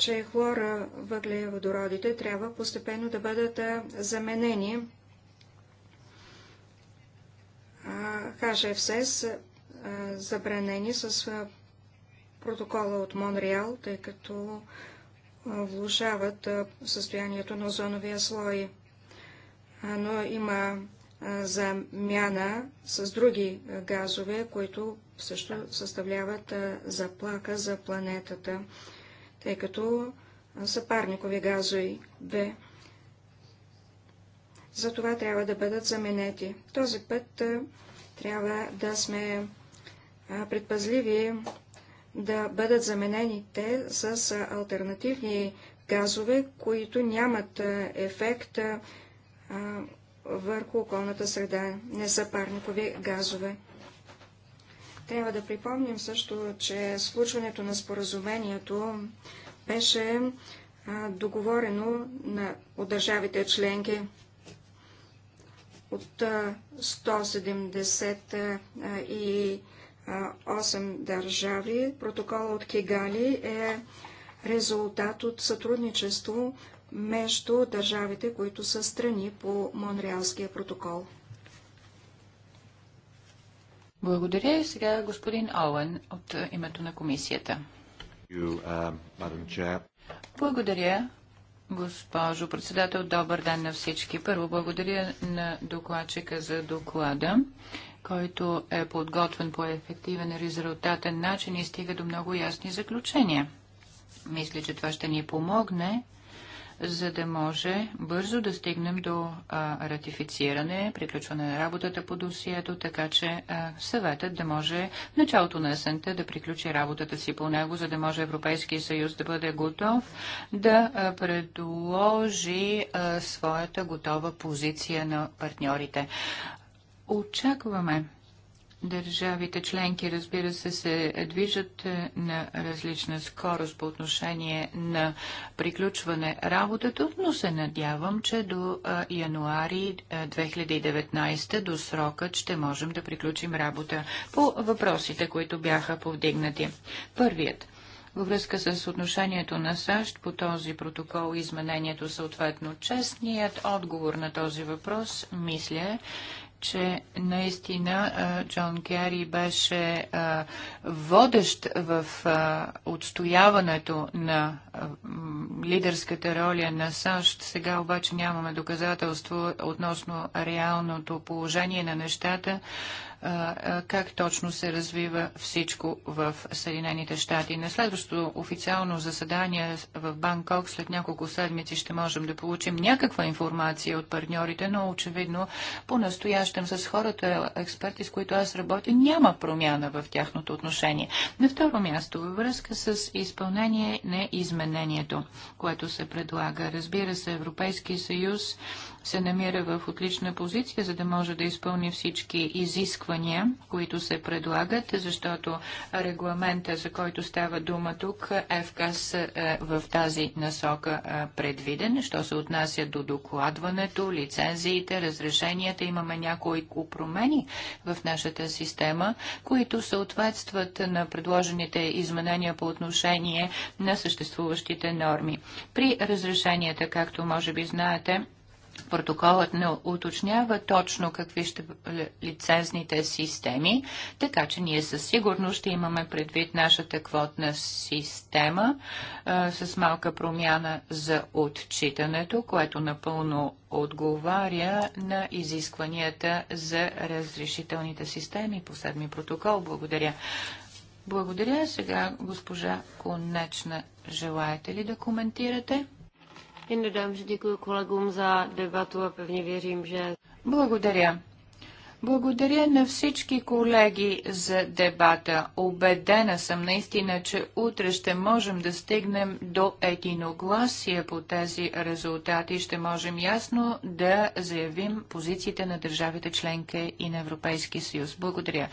Speaker 1: че хлора въглеводородите трябва постепенно да бъдат заменени. ХЖФСС забранени с протокола от Монреал, тъй като влушават състоянието на озоновия слой. Но има замяна с други газове, които също съставляват заплака за планетата тъй като са парникови газове. За това трябва да бъдат заменети. Този път трябва да сме предпазливи да бъдат заменени те с альтернативни газове, които нямат ефект върху околната среда, не са парникови газове. Трябва да припомним също, че случването на споразумението беше договорено на, от държавите членки от 178 държави. Протокола от Кигали е резултат от сътрудничество между държавите, които са страни по Монреалския протокол.
Speaker 2: Благодаря. Сега господин Оуен от името на комисията.
Speaker 3: You, uh,
Speaker 2: Благодаря, госпожо председател. Добър ден на всички. Първо благодаря на докладчика за доклада който е подготвен по ефективен и резултатен начин и стига до много ясни заключения. Мисля, че това ще ни помогне за да може бързо да стигнем до ратифициране, приключване на работата по досието, така че съветът да може в началото на есента да приключи работата си по него, за да може Европейския съюз да бъде готов да предложи своята готова позиция на партньорите. Очакваме Държавите членки, разбира се, се движат е, на различна скорост по отношение на приключване работата, но се надявам, че до януари 2019 до срокът ще можем да приключим работа по въпросите, които бяха повдигнати. Първият във връзка с отношението на САЩ по този протокол изменението съответно честният отговор на този въпрос, мисля, че наистина Джон Кери беше водещ в отстояването на лидерската роля на САЩ. Сега обаче нямаме доказателство относно реалното положение на нещата как точно се развива всичко в Съединените щати. На следващото официално заседание в Банкок след няколко седмици ще можем да получим някаква информация от партньорите, но очевидно по-настоящем с хората, експерти, с които аз работя, няма промяна в тяхното отношение. На второ място, във връзка с изпълнение на изменението, което се предлага. Разбира се, Европейския съюз се намира в отлична позиция, за да може да изпълни всички изисквания, които се предлагат, защото регламента, за който става дума тук, е вказ е, в тази насока е, предвиден. Що се отнася до докладването, лицензиите, разрешенията, имаме няколко промени в нашата система, които съответстват на предложените изменения по отношение на съществуващите норми. При разрешенията, както може би знаете, протоколът не уточнява точно какви ще лицензните системи, така че ние със сигурност ще имаме предвид нашата квотна система а, с малка промяна за отчитането, което напълно отговаря на изискванията за разрешителните системи по седми протокол. Благодаря. Благодаря. Сега госпожа Конечна, желаете ли да коментирате? Jen dodám, že děkuji kolegům za debatu a pevně věřím, že... Благодаря. Благодаря на всички колеги за дебата. Обедена съм наистина, че утре ще можем да стигнем до единогласие по тези резултати. Ще можем ясно да заявим позициите на държавите членка и на Европейския съюз. Благодаря.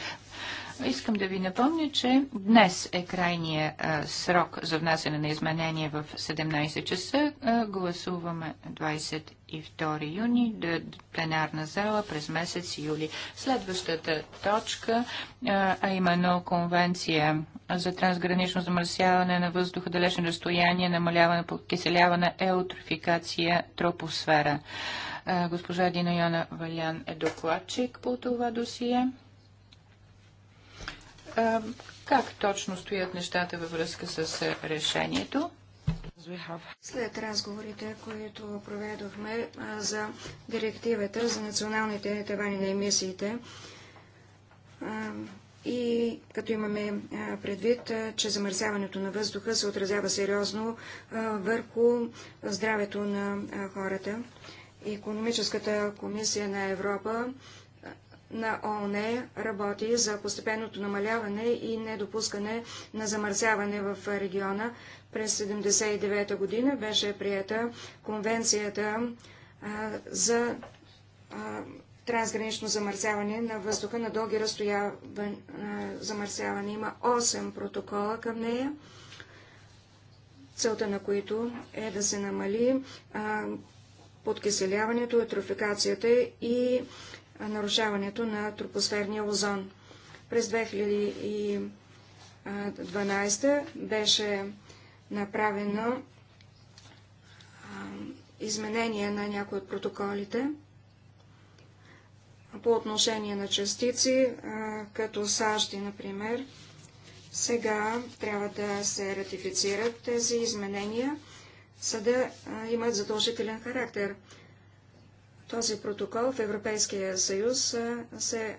Speaker 2: Искам да ви напомня, че днес е крайния а, срок за внасяне на изменения в 17 часа. А, гласуваме 22 юни до пленарна зала през месец юли. Следващата точка, а, а именно конвенция за трансгранично замърсяване на въздуха, далечно разстояние, намаляване, покиселяване, еутрофикация, тропосфера. А, госпожа Дина Йона Валян е докладчик по това досие. Как точно стоят нещата във връзка с решението?
Speaker 1: След разговорите, които проведохме за директивата за националните тавани на емисиите, и като имаме предвид, че замърсяването на въздуха се отразява сериозно върху здравето на хората. Економическата комисия на Европа на ООН работи за постепенното намаляване и недопускане на замърсяване в региона. През 1979 година беше приета конвенцията за трансгранично замърсяване на въздуха на дълги разстояния замърсяване. Има 8 протокола към нея, целта на които е да се намали подкиселяването, атрофикацията и нарушаването на тропосферния озон. През 2012 беше направено изменение на някои от протоколите по отношение на частици, като САЩи, например. Сега трябва да се ратифицират тези изменения, за да имат задължителен характер. Този протокол в Европейския съюз се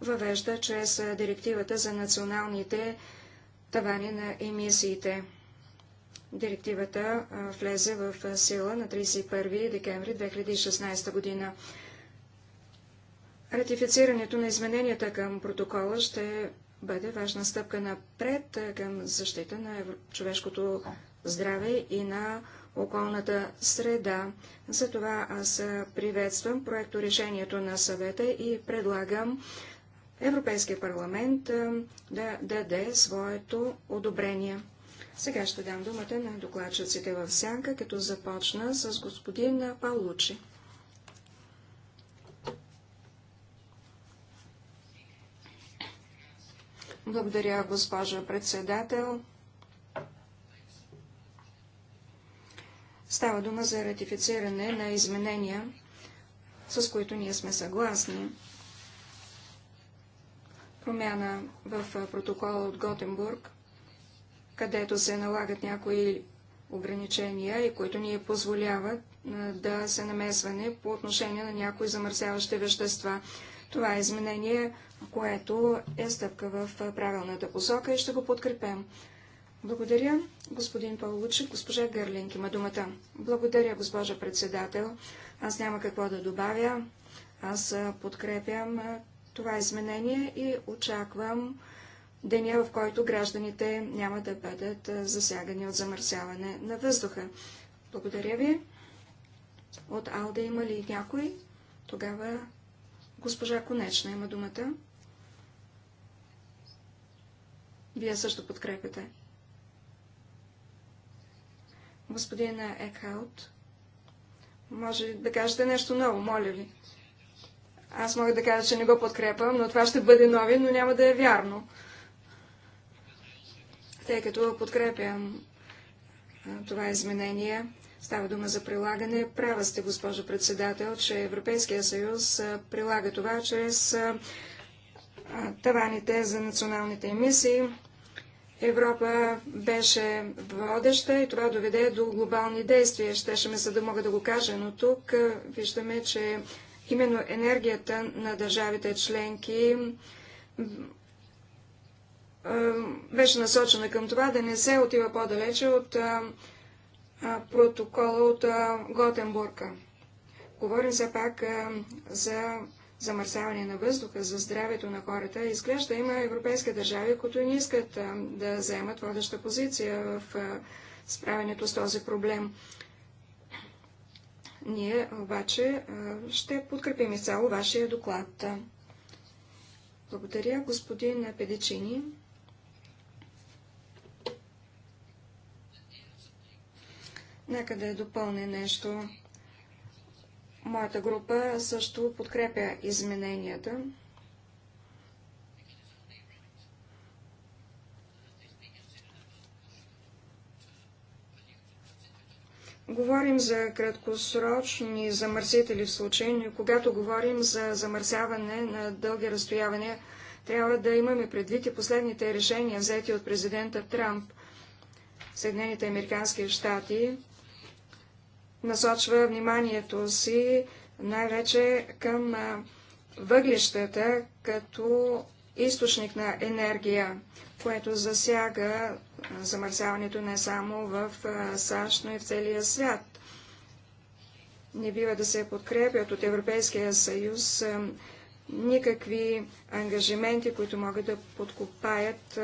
Speaker 1: въвежда чрез директивата за националните тавани на емисиите. Директивата влезе в сила на 31 декември 2016 година. Ратифицирането на измененията към протокола ще бъде важна стъпка напред към защита на човешкото здраве и на околната среда. Затова аз приветствам проекто решението на съвета и предлагам Европейския парламент да даде своето одобрение. Сега ще дам думата на докладчиците в сянка, като започна с господин Паулучи. Благодаря, госпожа председател. Става дума за ратифициране на изменения, с които ние сме съгласни. Промяна в протокола от Готенбург, където се налагат някои ограничения и които ни е позволяват да се намесване по отношение на някои замърсяващи вещества. Това е изменение, което е стъпка в правилната посока и ще го подкрепем. Благодаря, господин Павлучев. Госпожа Гърлинг има думата. Благодаря, госпожа председател. Аз няма какво да добавя. Аз подкрепям това изменение и очаквам деня, в който гражданите няма да бъдат засягани от замърсяване на въздуха. Благодаря ви. От Алда има ли някой? Тогава госпожа Конечна има думата. Вие също подкрепяте. Господин Екхаут, може да кажете нещо ново, моля ви. Аз мога да кажа, че не го подкрепам, но това ще бъде нови, но няма да е вярно. Тъй като подкрепям това изменение, става дума за прилагане. Права сте, госпожо председател, че Европейския съюз прилага това чрез таваните за националните емисии. Европа беше водеща и това доведе до глобални действия. Щеше ме се да мога да го кажа, но тук виждаме, че именно енергията на държавите членки беше насочена към това да не се отива по-далече от протокола от Готенбурга. Говорим все пак за замърсяване на въздуха, за здравето на хората. Изглежда има европейски държави, които не искат да заемат водеща позиция в справянето с този проблем. Ние обаче ще подкрепим изцяло вашия доклад. Благодаря, господин Педичини. Нека да допълня нещо. Моята група също подкрепя измененията. Говорим за краткосрочни замърсители в случай, но когато говорим за замърсяване на дълги разстоявания, трябва да имаме предвид и последните решения, взети от президента Трамп. Съединените Американски щати насочва вниманието си най-вече към въглищата като източник на енергия, което засяга замърсяването не само в САЩ, но и в целия свят. Не бива да се подкрепят от Европейския съюз никакви ангажименти, които могат да подкопаят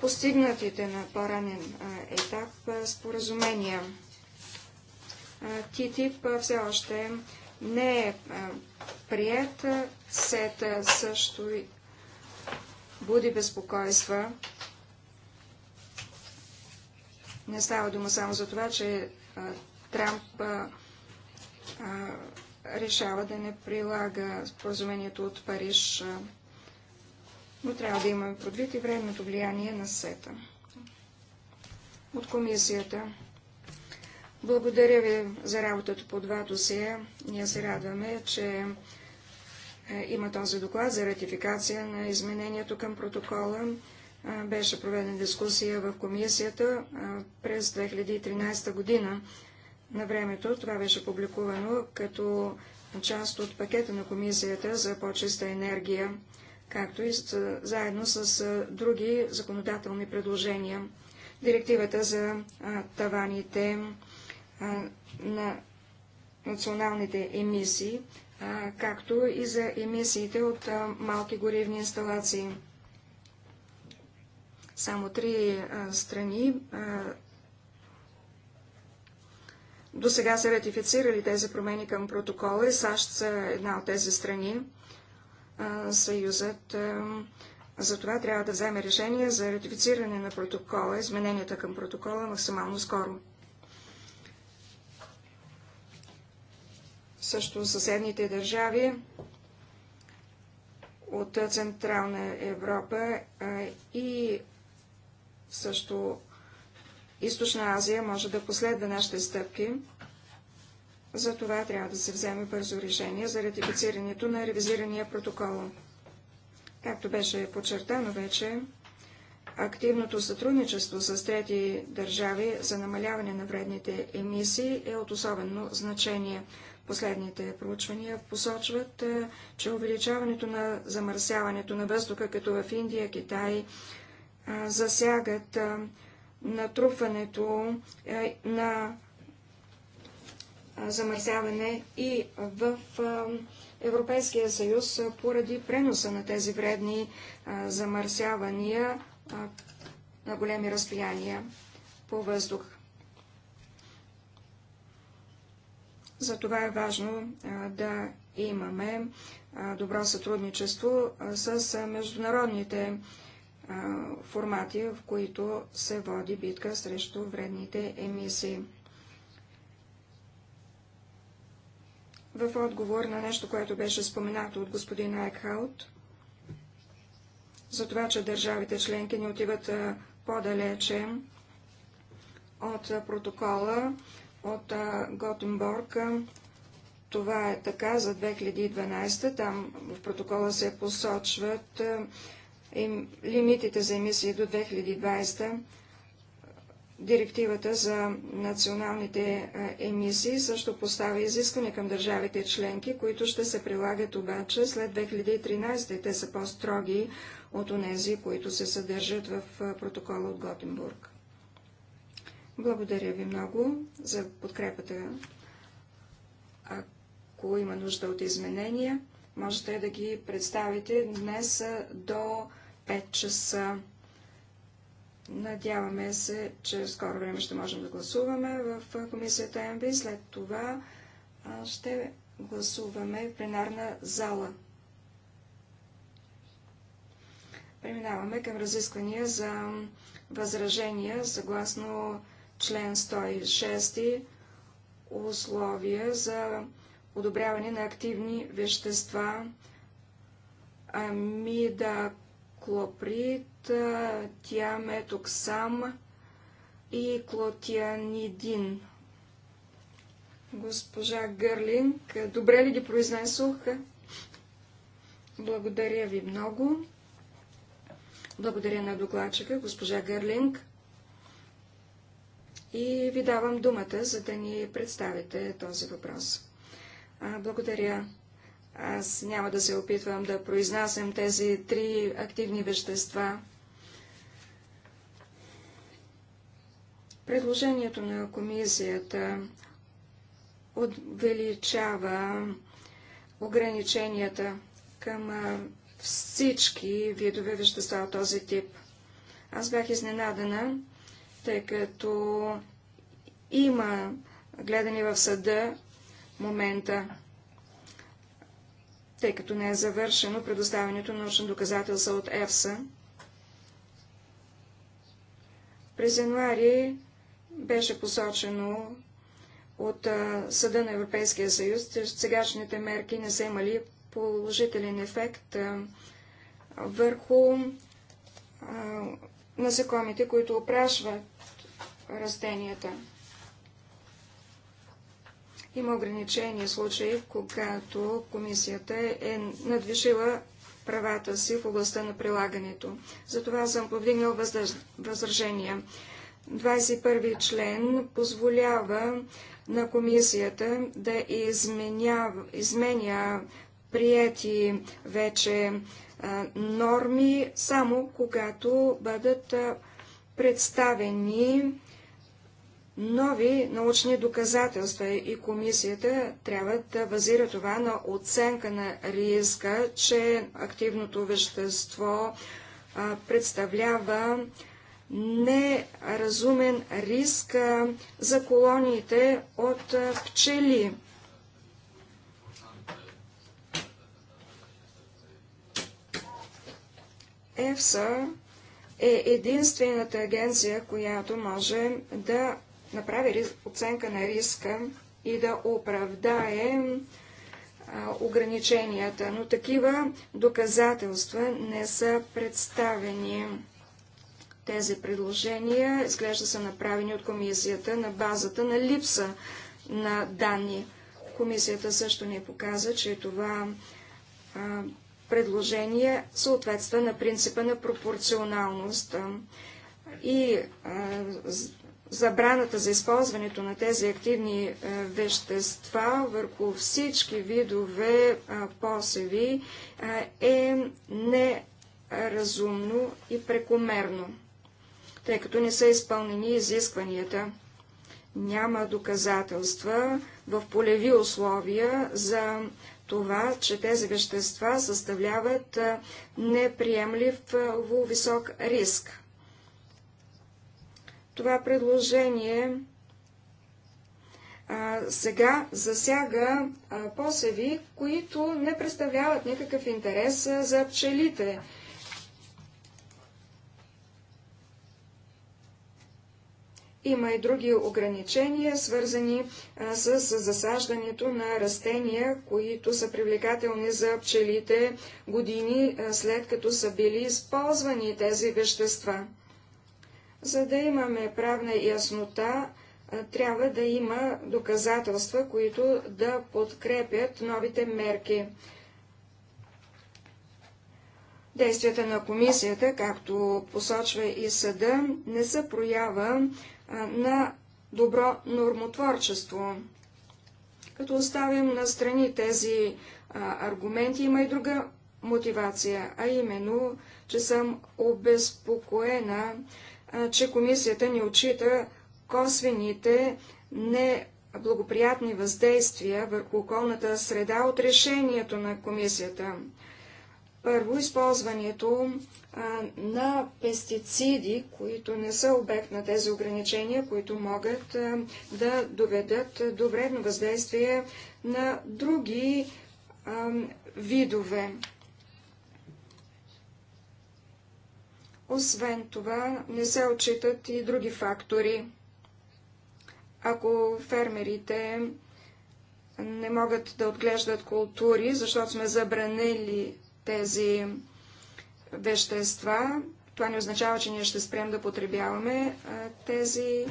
Speaker 1: постигнатите на по-ранен етап споразумения. ТИТИП все още не е прият. СЕТА също буди безпокойства. Не става дума само за това, че Трамп решава да не прилага споразумението от Париж, но трябва да имаме предвид и временното влияние на сета. От комисията. Благодаря ви за работата по два досия. Ние се радваме, че е, има този доклад за ратификация на изменението към протокола. Е, беше проведена дискусия в комисията е, през 2013 година. На времето това беше публикувано като част от пакета на комисията за по-чиста енергия, както и заедно с други законодателни предложения. Директивата за таваните, на националните емисии, както и за емисиите от малки горивни инсталации. Само три страни до сега са ратифицирали тези промени към протокола и САЩ са една от тези страни. Съюзът затова трябва да вземе решение за ратифициране на протокола, измененията към протокола максимално скоро. също съседните държави от Централна Европа и също Източна Азия може да последва нашите стъпки. За това трябва да се вземе бързо решение за ратифицирането на ревизирания протокол. Както беше подчертано вече, активното сътрудничество с трети държави за намаляване на вредните емисии е от особено значение. Последните проучвания посочват, е, че увеличаването на замърсяването на въздуха, като в Индия, Китай, е, засягат е, натрупването на замърсяване и в Европейския съюз поради преноса на тези вредни замърсявания на големи разстояния по въздух. Затова е важно да имаме добро сътрудничество с международните формати, в които се води битка срещу вредните емисии. В отговор на нещо, което беше споменато от господин Айкхаут, за това, че държавите членки не отиват по-далече от протокола от Готенборг. Това е така за 2012. Там в протокола се посочват им, лимитите за емисии до 2020. Директивата за националните емисии също поставя изискване към държавите членки, които ще се прилагат обаче след 2013 и те са по-строги от онези, които се съдържат в протокола от Готенбург. Благодаря ви много за подкрепата. Ако има нужда от изменения, можете да ги представите днес до 5 часа. Надяваме се, че скоро време ще можем да гласуваме в комисията МВ. След това ще гласуваме в пленарна зала. Преминаваме към разисквания за възражения съгласно член 106 условия за одобряване на активни вещества, амида, клоприт, тиаметоксам и клотианидин. Госпожа Гърлинг, добре ли ги произнесох? Благодаря ви много. Благодаря на докладчика, госпожа Гърлинг и ви давам думата, за да ни представите този въпрос. благодаря. Аз няма да се опитвам да произнасям тези три активни вещества. Предложението на комисията увеличава ограниченията към всички видове вещества от този тип. Аз бях изненадана, тъй като има гледани в съда момента, тъй като не е завършено предоставянето на научно доказателства от ЕФСА. През януари беше посочено от Съда на Европейския съюз, че сегашните мерки не са имали положителен ефект върху насекомите, които опрашват растенията. Има ограничени случаи, когато комисията е надвишила правата си в областта на прилагането. Затова съм повдигнал възражения. 21 член позволява на комисията да изменя, изменя прияти вече а, норми, само когато бъдат а, представени нови научни доказателства и комисията трябва да базира това на оценка на риска, че активното вещество представлява неразумен риск за колониите от пчели. ЕФСА е единствената агенция, която може да направи оценка на риска и да оправдае ограниченията, но такива доказателства не са представени. Тези предложения изглежда са направени от комисията на базата на липса на данни. Комисията също ни показа, че това предложение съответства на принципа на пропорционалност и забраната за използването на тези активни е, вещества върху всички видове е, посеви е, е неразумно и прекомерно, тъй като не са изпълнени изискванията. Няма доказателства в полеви условия за това, че тези вещества съставляват неприемлив висок риск. Това предложение а, сега засяга а, посеви, които не представляват никакъв интерес а, за пчелите. Има и други ограничения, свързани а, с, засаждането на растения, които са привлекателни за пчелите години а, след като са били използвани тези вещества. За да имаме правна яснота, трябва да има доказателства, които да подкрепят новите мерки. Действията на комисията, както посочва и съда, не са проява на добро нормотворчество. Като оставим на страни тези аргументи, има и друга мотивация, а именно, че съм обезпокоена че комисията не отчита косвените неблагоприятни въздействия върху околната среда от решението на комисията. Първо, използването на пестициди, които не са обект на тези ограничения, които могат да доведат до вредно въздействие на други видове. Освен това, не се отчитат и други фактори. Ако фермерите не могат да отглеждат култури, защото сме забранили тези вещества, това не означава, че ние ще спрем да потребяваме тези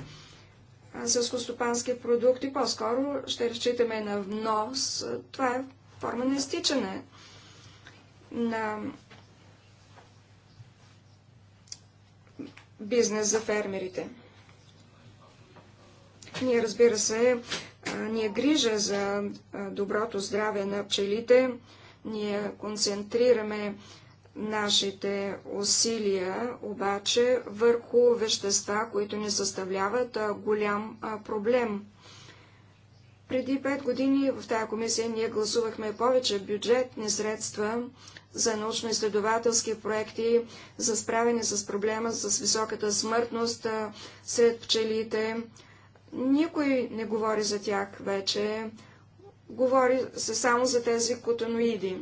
Speaker 1: сълскостопански продукти. По-скоро ще разчитаме на внос. Това е форма на изтичане на бизнес за фермерите. Ние, разбира се, ние грижа за доброто здраве на пчелите, ние концентрираме нашите усилия обаче върху вещества, които не съставляват голям проблем. Преди 5 години в тази комисия ние гласувахме повече бюджетни средства за научно-изследователски проекти за справяне с проблема с високата смъртност сред пчелите. Никой не говори за тях вече. Говори се само за тези котоноиди,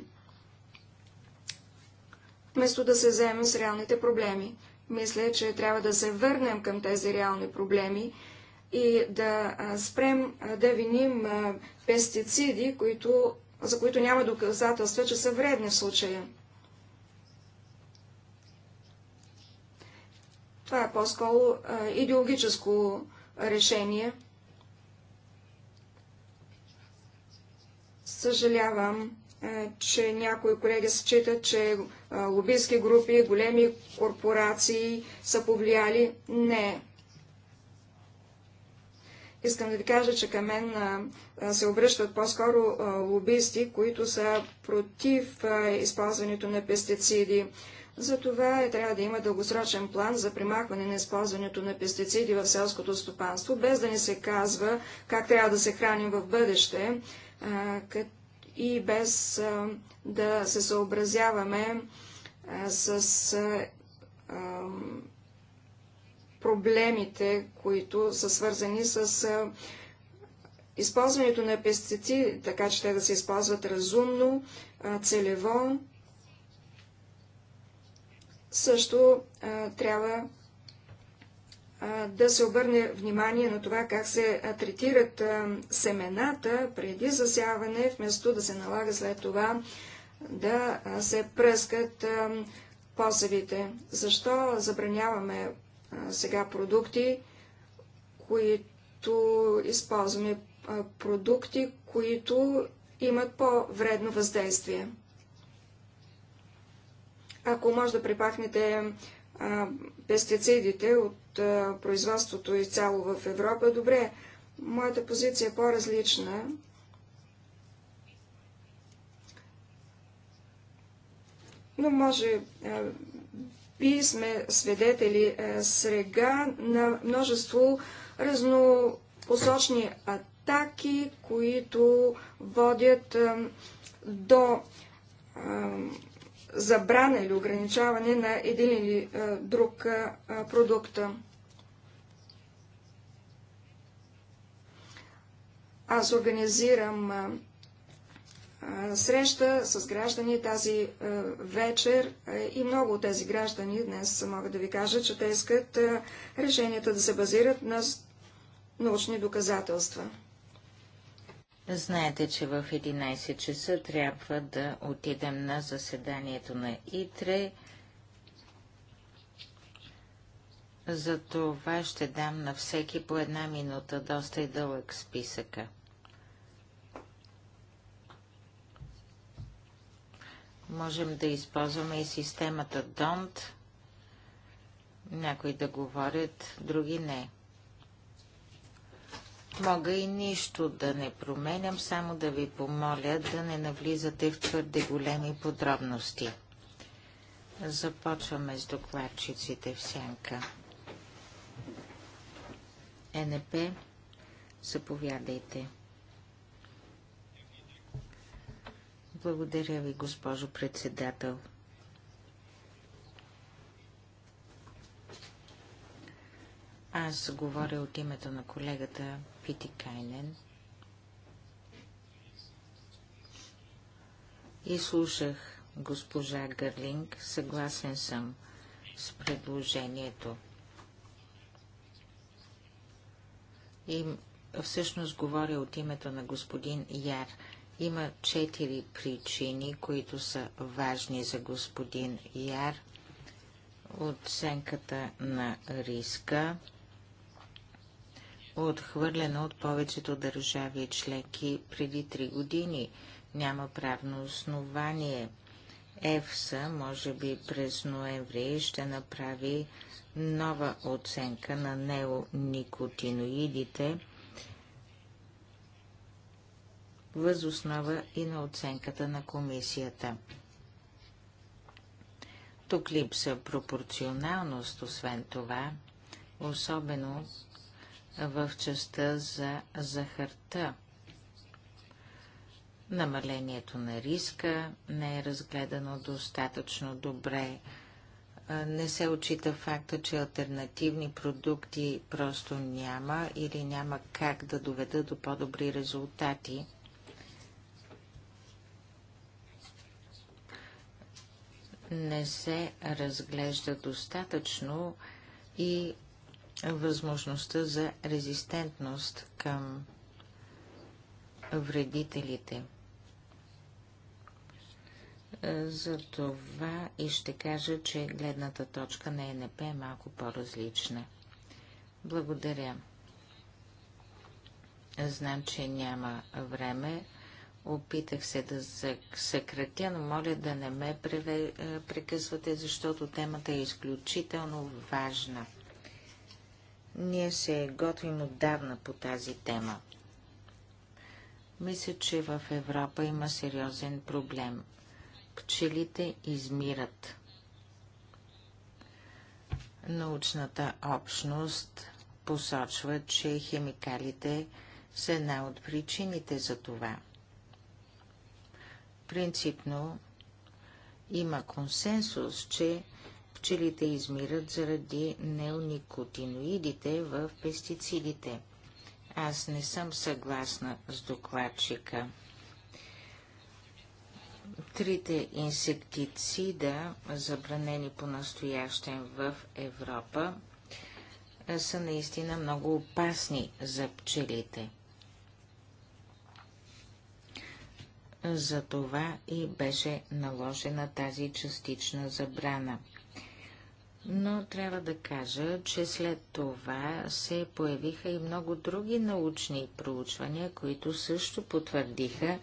Speaker 1: вместо да се вземем с реалните проблеми. Мисля, че трябва да се върнем към тези реални проблеми и да спрем да виним пестициди, които за които няма доказателства, че са вредни в случая. Това е по-скоро идеологическо решение. Съжалявам, че някои колеги считат, че лобийски групи, големи корпорации са повлияли. Не. Искам да ви кажа, че към мен се обръщат по-скоро лобисти, които са против използването на пестициди. Затова е, трябва да има дългосрочен план за примахване на използването на пестициди в селското стопанство, без да ни се казва как трябва да се храним в бъдеще и без да се съобразяваме с проблемите, които са свързани с използването на пестициди, така че те да се използват разумно, целево. Също трябва да се обърне внимание на това как се третират семената преди засяване, вместо да се налага след това да се пръскат посевите. Защо забраняваме сега продукти, които използваме продукти, които имат по-вредно въздействие. Ако може да припахнете пестицидите от производството изцяло в Европа, добре, моята позиция е по-различна. Но може и сме свидетели е, сега на множество разнопосочни атаки, които водят е, до е, забрана или ограничаване на един или друг продукт. Аз организирам среща с граждани тази вечер и много от тези граждани днес могат да ви кажат, че те искат решенията да се базират на научни доказателства.
Speaker 3: Знаете, че в 11 часа трябва да отидем на заседанието на ИТРЕ. За това ще дам на всеки по една минута, доста и дълъг списъка. Можем да използваме и системата Донт. Някои да говорят, други не. Мога и нищо да не променям, само да ви помоля да не навлизате в твърде големи подробности. Започваме с докладчиците в сянка. Е, НП, заповядайте. Благодаря ви, госпожо председател. Аз говоря от името на колегата Пити Кайнен и слушах госпожа Гърлинг. Съгласен съм с предложението. И всъщност говоря от името на господин Яр. Има четири причини, които са важни за господин Яр. Оценката на риска, отхвърлена от повечето държави и членки преди три години. Няма правно основание. ЕФСА, може би през ноември, ще направи нова оценка на неоникотиноидите възоснова и на оценката на комисията. Тук липса пропорционалност, освен това, особено в частта за захарта. Намалението на риска не е разгледано достатъчно добре. Не се очита факта, че альтернативни продукти просто няма или няма как да доведат до по-добри резултати не се разглежда достатъчно и възможността за резистентност към вредителите. За това и ще кажа, че гледната точка на ЕНП е малко по-различна. Благодаря. Знам, че няма време. Опитах се да съкратя, но моля да не ме е, прекъсвате, защото темата е изключително важна. Ние се готвим отдавна по тази тема. Мисля, че в Европа има сериозен проблем. Пчелите измират. Научната общност посочва, че химикалите са една от причините за това. Принципно има консенсус, че пчелите измират заради неоникотиноидите в пестицидите. Аз не съм съгласна с докладчика. Трите инсектицида, забранени по-настоящен в Европа, са наистина много опасни за пчелите. За това и беше наложена тази частична забрана. Но трябва да кажа, че след това се появиха и много други научни проучвания, които също потвърдиха,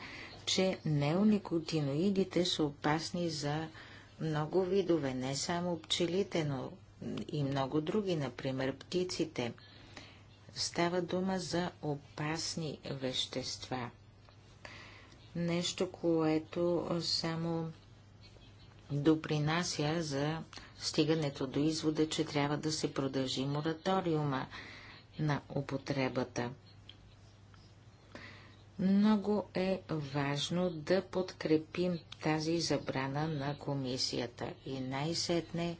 Speaker 3: че неоникотиноидите са опасни за много видове, не само пчелите, но и много други, например птиците. Става дума за опасни вещества – нещо, което само допринася за стигането до извода, че трябва да се продължи мораториума на употребата. Много е важно да подкрепим тази забрана на комисията и най-сетне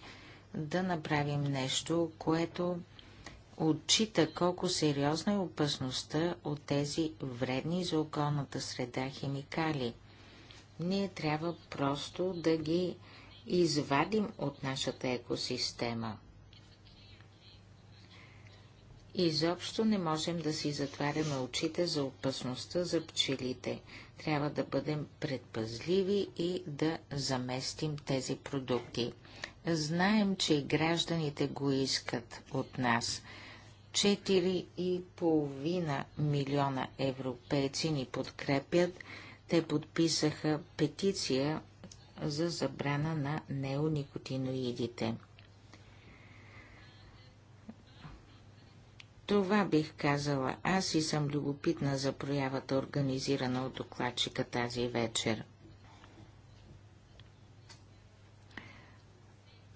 Speaker 3: да направим нещо, което отчита колко сериозна е опасността от тези вредни за околната среда химикали. Ние трябва просто да ги извадим от нашата екосистема. Изобщо не можем да си затваряме очите за опасността за пчелите. Трябва да бъдем предпазливи и да заместим тези продукти. Знаем, че и гражданите го искат от нас – 4,5 милиона европейци ни подкрепят. Те подписаха петиция за забрана на неоникотиноидите. Това бих казала. Аз и съм любопитна за проявата, организирана от докладчика тази вечер.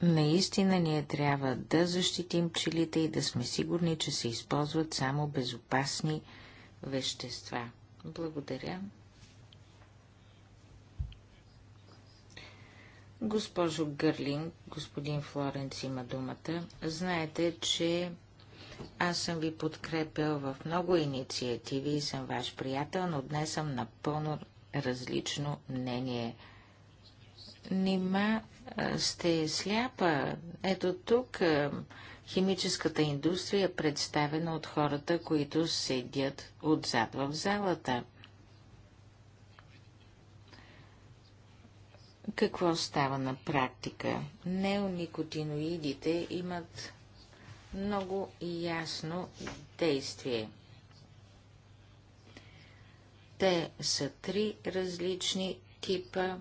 Speaker 3: Наистина ние трябва да защитим пчелите и да сме сигурни, че се използват само безопасни вещества. Благодаря. Госпожо Гърлин, господин Флоренц има думата. Знаете, че аз съм ви подкрепил в много инициативи и съм ваш приятел, но днес съм напълно различно мнение. Нима сте сляпа. Ето тук химическата индустрия е представена от хората, които седят отзад в залата. Какво става на практика? Неоникотиноидите имат много ясно действие. Те са три различни типа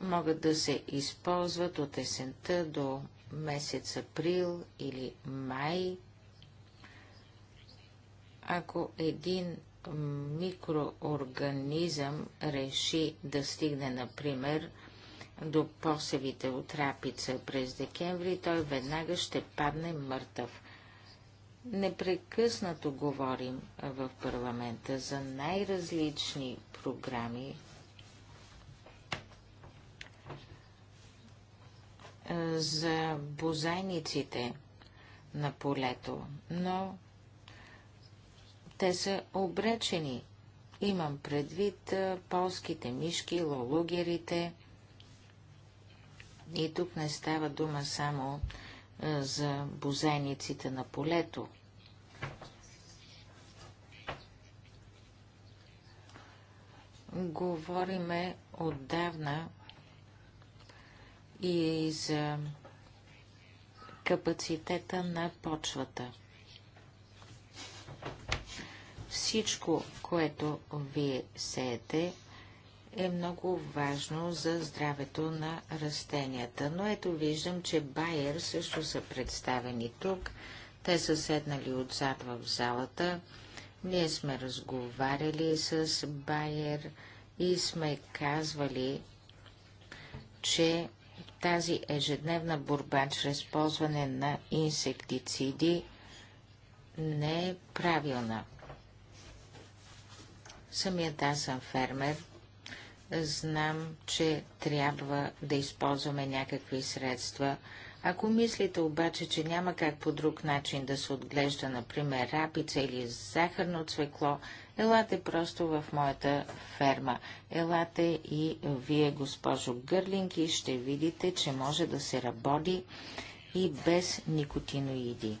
Speaker 3: могат да се използват от есента до месец април или май. Ако един микроорганизъм реши да стигне, например, до посевите от рапица през декември, той веднага ще падне мъртъв. Непрекъснато говорим в парламента за най-различни програми за бозайниците на полето, но те са обречени. Имам предвид полските мишки, лолугерите. И тук не става дума само за бозайниците на полето. Говориме отдавна и за капацитета на почвата. Всичко, което вие сеете, е много важно за здравето на растенията. Но ето виждам, че Байер също са представени тук. Те са седнали отзад в залата. Ние сме разговаряли с Байер и сме казвали, че тази ежедневна борба чрез ползване на инсектициди не е правилна. Самият аз съм фермер. Знам, че трябва да използваме някакви средства. Ако мислите обаче, че няма как по друг начин да се отглежда, например, рапица или захарно цвекло, Елате просто в моята ферма. Елате и вие, госпожо Гърлинг, и ще видите, че може да се работи и без никотиноиди.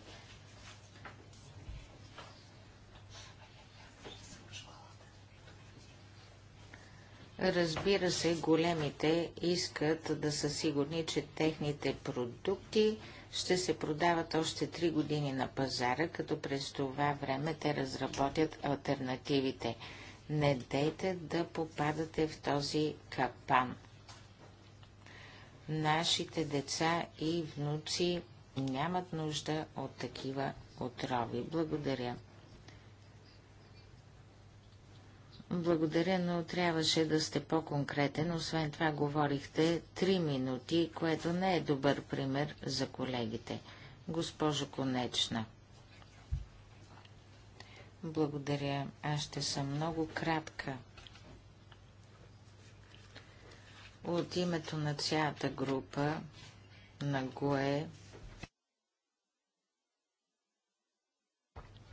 Speaker 3: Разбира се, големите искат да са сигурни, че техните продукти ще се продават още 3 години на пазара, като през това време те разработят альтернативите. Не дейте да попадате в този капан. Нашите деца и внуци нямат нужда от такива отрови. Благодаря. Благодаря, но трябваше да сте по-конкретен. Освен това говорихте три минути, което не е добър пример за колегите. Госпожо Конечна. Благодаря. Аз ще съм много кратка. От името на цялата група на ГОЕ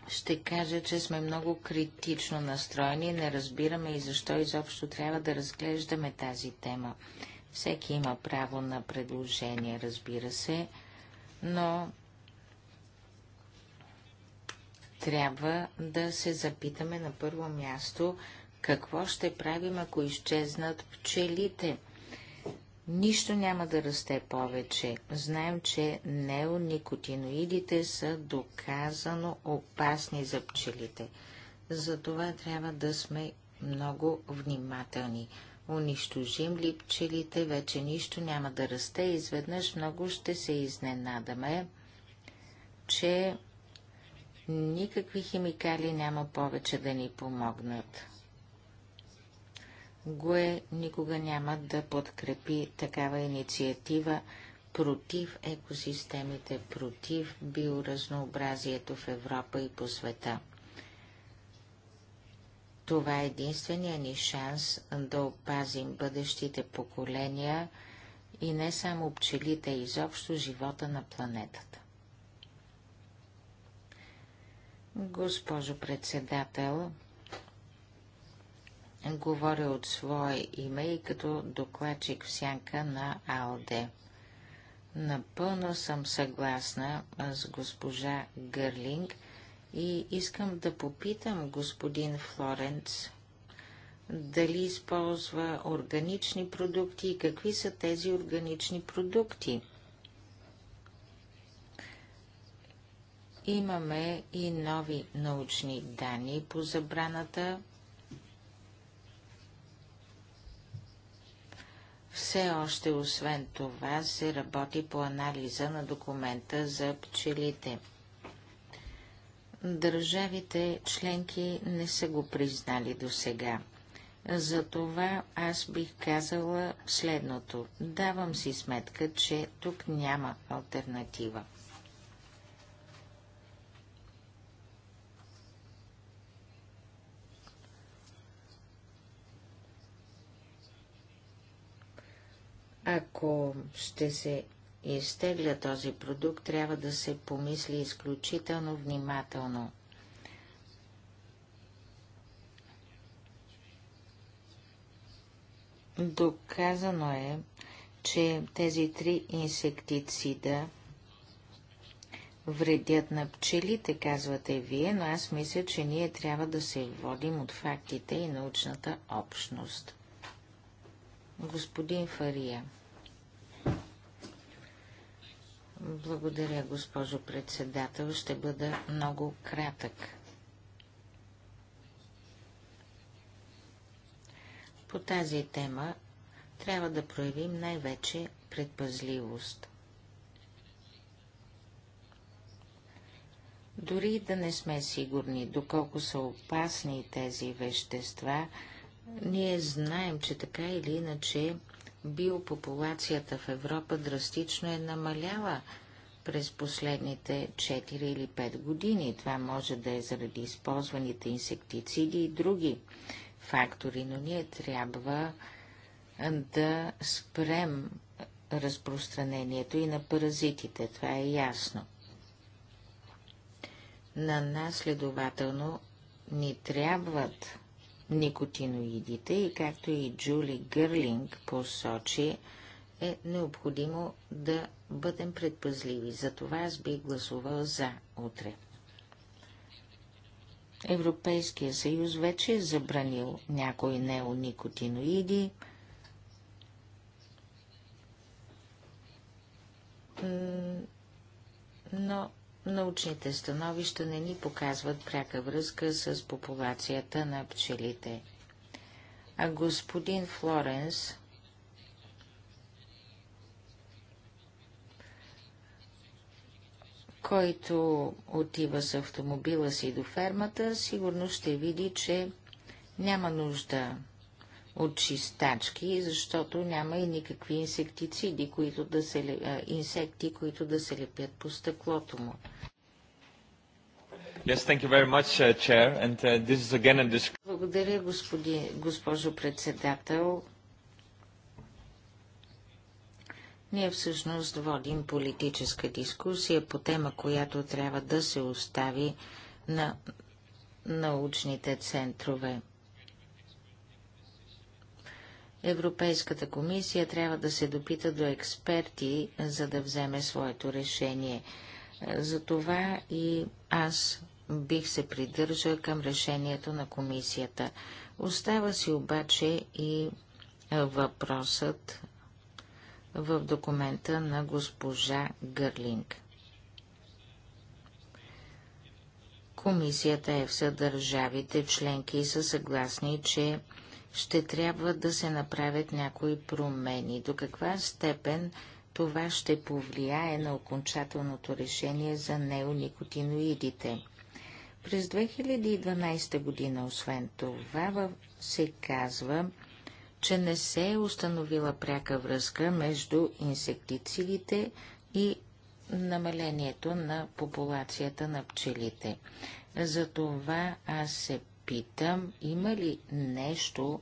Speaker 3: ще кажа, че сме много критично настроени, не разбираме и защо изобщо трябва да разглеждаме тази тема. Всеки има право на предложение, разбира се, но трябва да се запитаме на първо място какво ще правим, ако изчезнат пчелите – Нищо няма да расте повече. Знаем, че неоникотиноидите са доказано опасни за пчелите. Затова трябва да сме много внимателни. Унищожим ли пчелите, вече нищо няма да расте. Изведнъж много ще се изненадаме, че никакви химикали няма повече да ни помогнат. ГУЕ никога няма да подкрепи такава инициатива против екосистемите, против биоразнообразието в Европа и по света. Това е единствения ни шанс да опазим бъдещите поколения и не само пчелите, а изобщо живота на планетата. Госпожо председател, Говоря от свое име и като докладчик в сянка на АЛДЕ. Напълно съм съгласна с госпожа Гърлинг и искам да попитам господин Флоренц дали използва органични продукти и какви са тези органични продукти. Имаме и нови научни данни по забраната Все още, освен това, се работи по анализа на документа за пчелите. Държавите членки не са го признали до сега. Затова аз бих казала следното. Давам си сметка, че тук няма альтернатива. Ако ще се изтегля този продукт, трябва да се помисли изключително внимателно. Доказано е, че тези три инсектицида вредят на пчелите, казвате вие, но аз мисля, че ние трябва да се водим от фактите и научната общност. Господин Фария. Благодаря, госпожо председател. Ще бъда много кратък. По тази тема трябва да проявим най-вече предпазливост. Дори да не сме сигурни доколко са опасни тези вещества, ние знаем, че така или иначе биопопулацията в Европа драстично е намаляла през последните 4 или 5 години. Това може да е заради използваните инсектициди и други фактори, но ние трябва да спрем разпространението и на паразитите, това е ясно. На нас следователно ни трябват никотиноидите и както и Джули Гърлинг посочи, е необходимо да бъдем предпазливи. Затова аз бих гласувал за утре. Европейския съюз вече е забранил някои неоникотиноиди. Но Научните становища не ни показват пряка връзка с популацията на пчелите. А господин Флоренс който отива с автомобила си до фермата, сигурно ще види, че няма нужда от чистачки, защото няма и никакви инсектициди, които да се, инсекти, които да се лепят по стъклото му.
Speaker 2: Yes, thank you very much, uh, Chair. And uh, this is again a disc...
Speaker 3: Благодаря, господи, госпожо председател. Ние всъщност водим политическа дискусия по тема, която трябва да се остави на научните центрове. Европейската комисия трябва да се допита до експерти, за да вземе своето решение. Затова и аз бих се придържал към решението на комисията. Остава си обаче и въпросът в документа на госпожа Гърлинг. Комисията е в съдържавите членки и са съгласни, че ще трябва да се направят някои промени. До каква степен това ще повлияе на окончателното решение за неоникотиноидите? През 2012 година, освен това, се казва, че не се е установила пряка връзка между инсектицидите и намалението на популацията на пчелите. Затова аз се питам, има ли нещо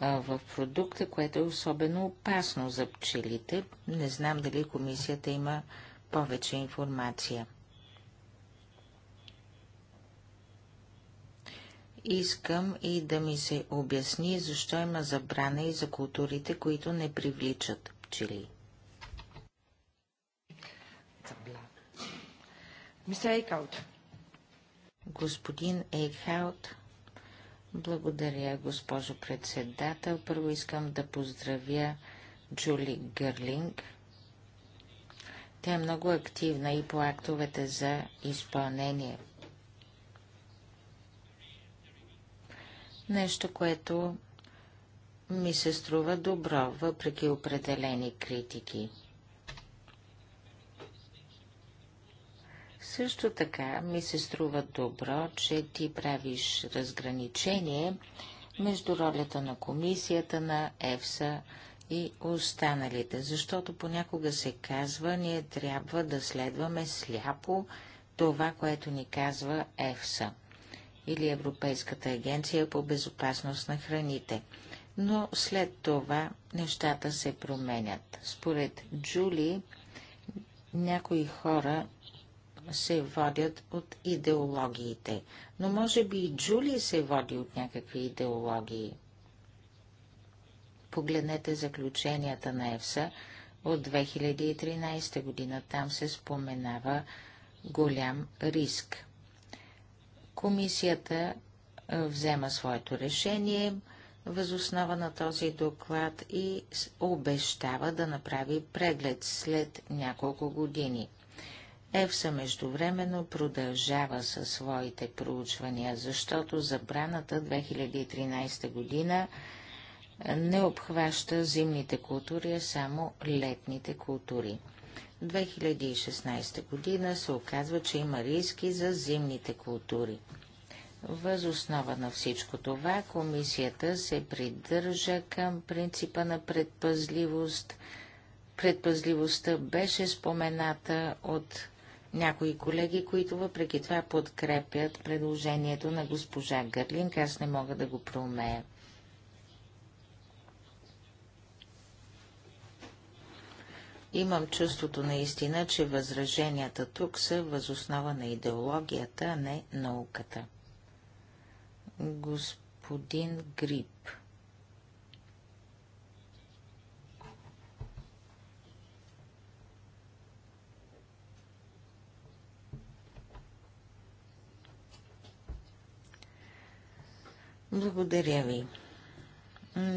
Speaker 3: а, в продукта, което е особено опасно за пчелите? Не знам дали комисията има повече информация. Искам и да ми се обясни, защо има забрана и за културите, които не привличат пчели. Мистер Ейкаут. Господин Ейхаут. Благодаря, госпожо председател. Първо искам да поздравя Джули Гърлинг. Тя е много активна и по актовете за изпълнение. Нещо, което ми се струва добро, въпреки определени критики. Също така ми се струва добро, че ти правиш разграничение между ролята на комисията, на ЕФСА и останалите, защото понякога се казва, ние трябва да следваме сляпо това, което ни казва ЕФСА или Европейската агенция по безопасност на храните. Но след това нещата се променят. Според Джули, някои хора се водят от идеологиите. Но може би и Джули се води от някакви идеологии. Погледнете заключенията на ЕФСА от 2013 година. Там се споменава голям риск. Комисията взема своето решение възоснова на този доклад и обещава да направи преглед след няколко години. Евса междувременно продължава със своите проучвания, защото забраната 2013 година не обхваща зимните култури, а само летните култури. 2016 година се оказва, че има риски за зимните култури. Въз основа на всичко това, комисията се придържа към принципа на предпазливост. Предпазливостта беше спомената от някои колеги, които въпреки това подкрепят предложението на госпожа Гърлинг. Аз не мога да го проумея. Имам чувството наистина, че възраженията тук са възоснова на идеологията, а не науката. Господин Грип. Благодаря ви.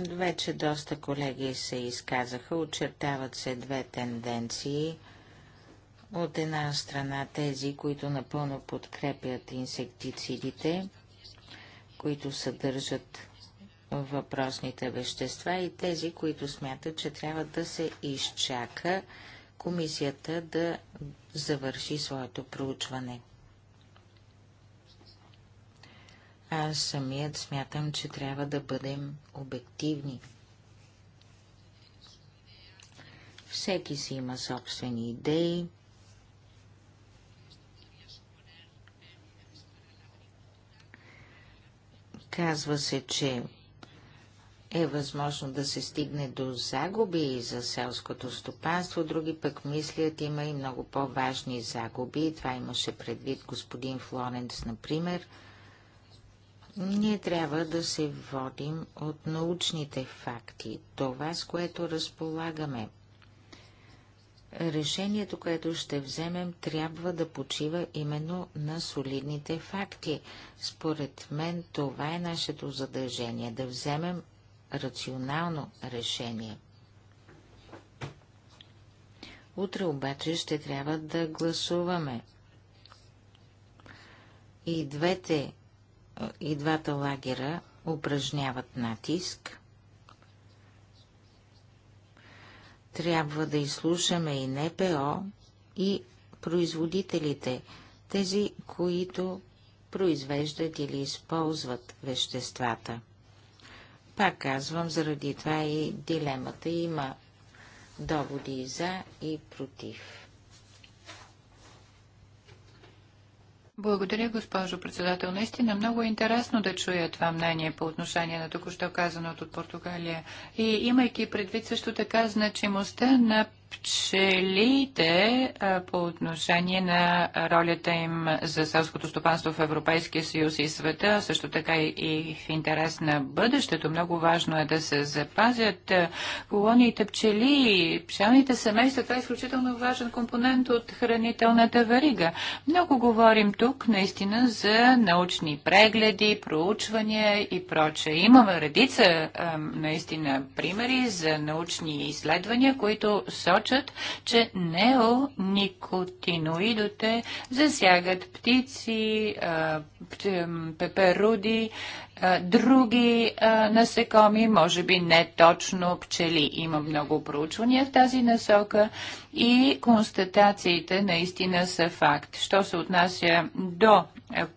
Speaker 3: Вече доста колеги се изказаха, очертават се две тенденции. От една страна тези, които напълно подкрепят инсектицидите, които съдържат въпросните вещества и тези, които смятат, че трябва да се изчака комисията да завърши своето проучване. Аз самият смятам, че трябва да бъдем обективни. Всеки си има собствени идеи. Казва се, че е възможно да се стигне до загуби за селското стопанство, други пък мислят има и много по-важни загуби. Това имаше предвид господин Флоренц, например – ние трябва да се водим от научните факти, това с което разполагаме. Решението, което ще вземем, трябва да почива именно на солидните факти. Според мен това е нашето задължение да вземем рационално решение. Утре обаче ще трябва да гласуваме. И двете и двата лагера упражняват натиск. Трябва да изслушаме и НПО, и производителите, тези, които произвеждат или използват веществата. Пак казвам, заради това и дилемата има доводи за и против.
Speaker 2: Благодаря, госпожо председател. Наистина много е интересно да чуя това мнение по отношение на току-що казаното от Португалия. И имайки предвид също така значимостта на пчелите по отношение на ролята им за селското стопанство в Европейския съюз и света, също така и в интерес на бъдещето. Много важно е да се запазят колониите пчели. Пчелните семейства, това е изключително важен компонент от хранителната варига. Много говорим тук наистина за научни прегледи, проучвания и проче. Имаме редица наистина примери за научни изследвания, които са сочат, че неоникотиноидите засягат птици, пеперуди други насекоми, може би не точно пчели. Има много проучвания в тази насока и констатациите наистина са факт. Що се отнася до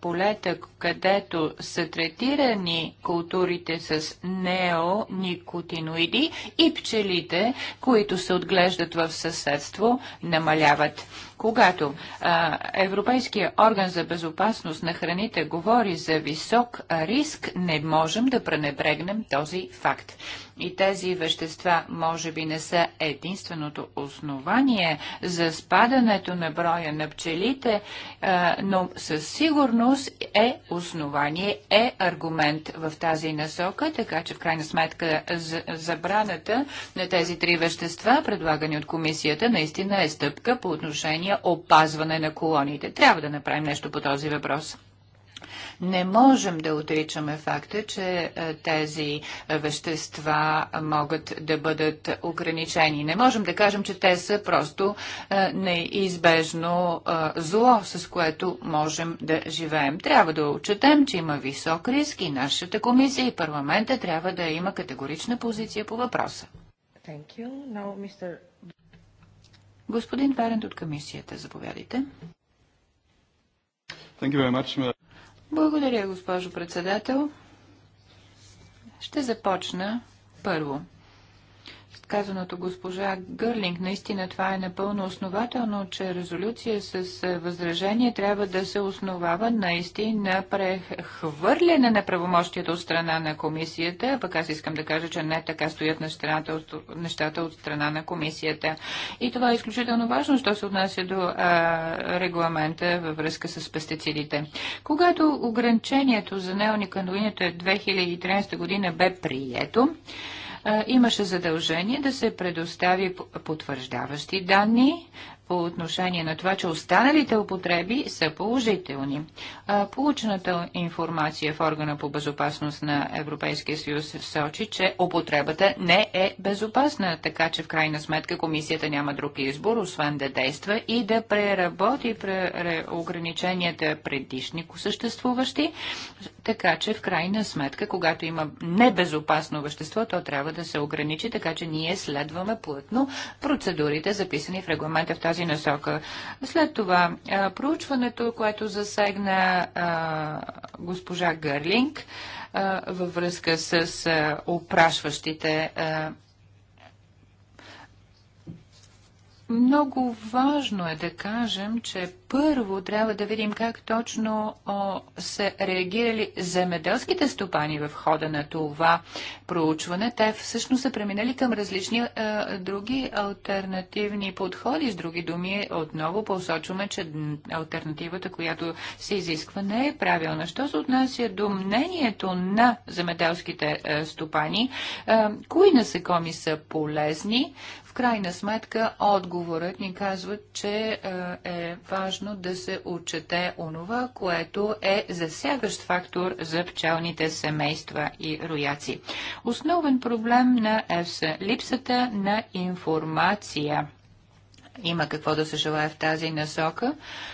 Speaker 2: полета, където са третирани културите с неоникотиноиди и пчелите, които се отглеждат в съседство, намаляват. Когато а, Европейския орган за безопасност на храните говори за висок риск, не можем да пренебрегнем този факт. И тези вещества може би не са единственото основание за спадането на броя на пчелите, но със сигурност е основание, е аргумент в тази насока, така че в крайна сметка забраната на тези три вещества, предлагани от комисията, наистина е стъпка по отношение опазване на колониите. Трябва да направим нещо по този въпрос. Не можем да отричаме факта, че е, тези е, вещества могат да бъдат ограничени. Не можем да кажем, че те са просто е, неизбежно зло, с което можем да живеем. Трябва да отчетем, че има висок риск и нашата комисия и парламента трябва да има категорична позиция по въпроса.
Speaker 3: Thank you. Now, Mr.
Speaker 2: Господин Верент от комисията, заповядайте.
Speaker 3: Thank you very much.
Speaker 2: Благодаря, госпожо председател. Ще започна първо казаното госпожа Гърлинг. Наистина това е напълно основателно, че резолюция с е, възражение трябва да се основава наистина на прехвърляне на правомощията от страна на комисията, пък аз искам да кажа, че не така стоят на от, нещата от страна на комисията. И това е изключително важно, що се отнася до а, регламента във връзка с пестицидите. Когато ограничението за е 2013 година бе прието, имаше задължение да се предостави потвърждаващи данни по отношение на това, че останалите употреби са положителни. Получената информация в органа по безопасност на Европейския съюз сочи, че употребата не е безопасна, така че в крайна сметка комисията няма друг избор, освен да действа и да преработи ограниченията предишни съществуващи, така че в крайна сметка, когато има небезопасно вещество, то трябва да се ограничи, така че ние следваме плътно процедурите, записани в регламента в тази тази насока. След това, проучването, което засегна госпожа Гърлинг във връзка с опрашващите Много важно е да кажем, че първо трябва да видим как точно о, са реагирали земеделските стопани в хода на това проучване. Те всъщност са преминали към различни е, други альтернативни подходи. С други думи, отново посочваме, че альтернативата, която се изисква, не е правилна. Що се отнася до мнението на земеделските е, стопани, е, кои насекоми са полезни, крайна сметка отговорът ни казва, че е, е важно да се отчете онова, което е засягащ фактор за пчелните семейства и рояци. Основен проблем на ЕФСА – липсата на информация има какво да се желая в тази насока.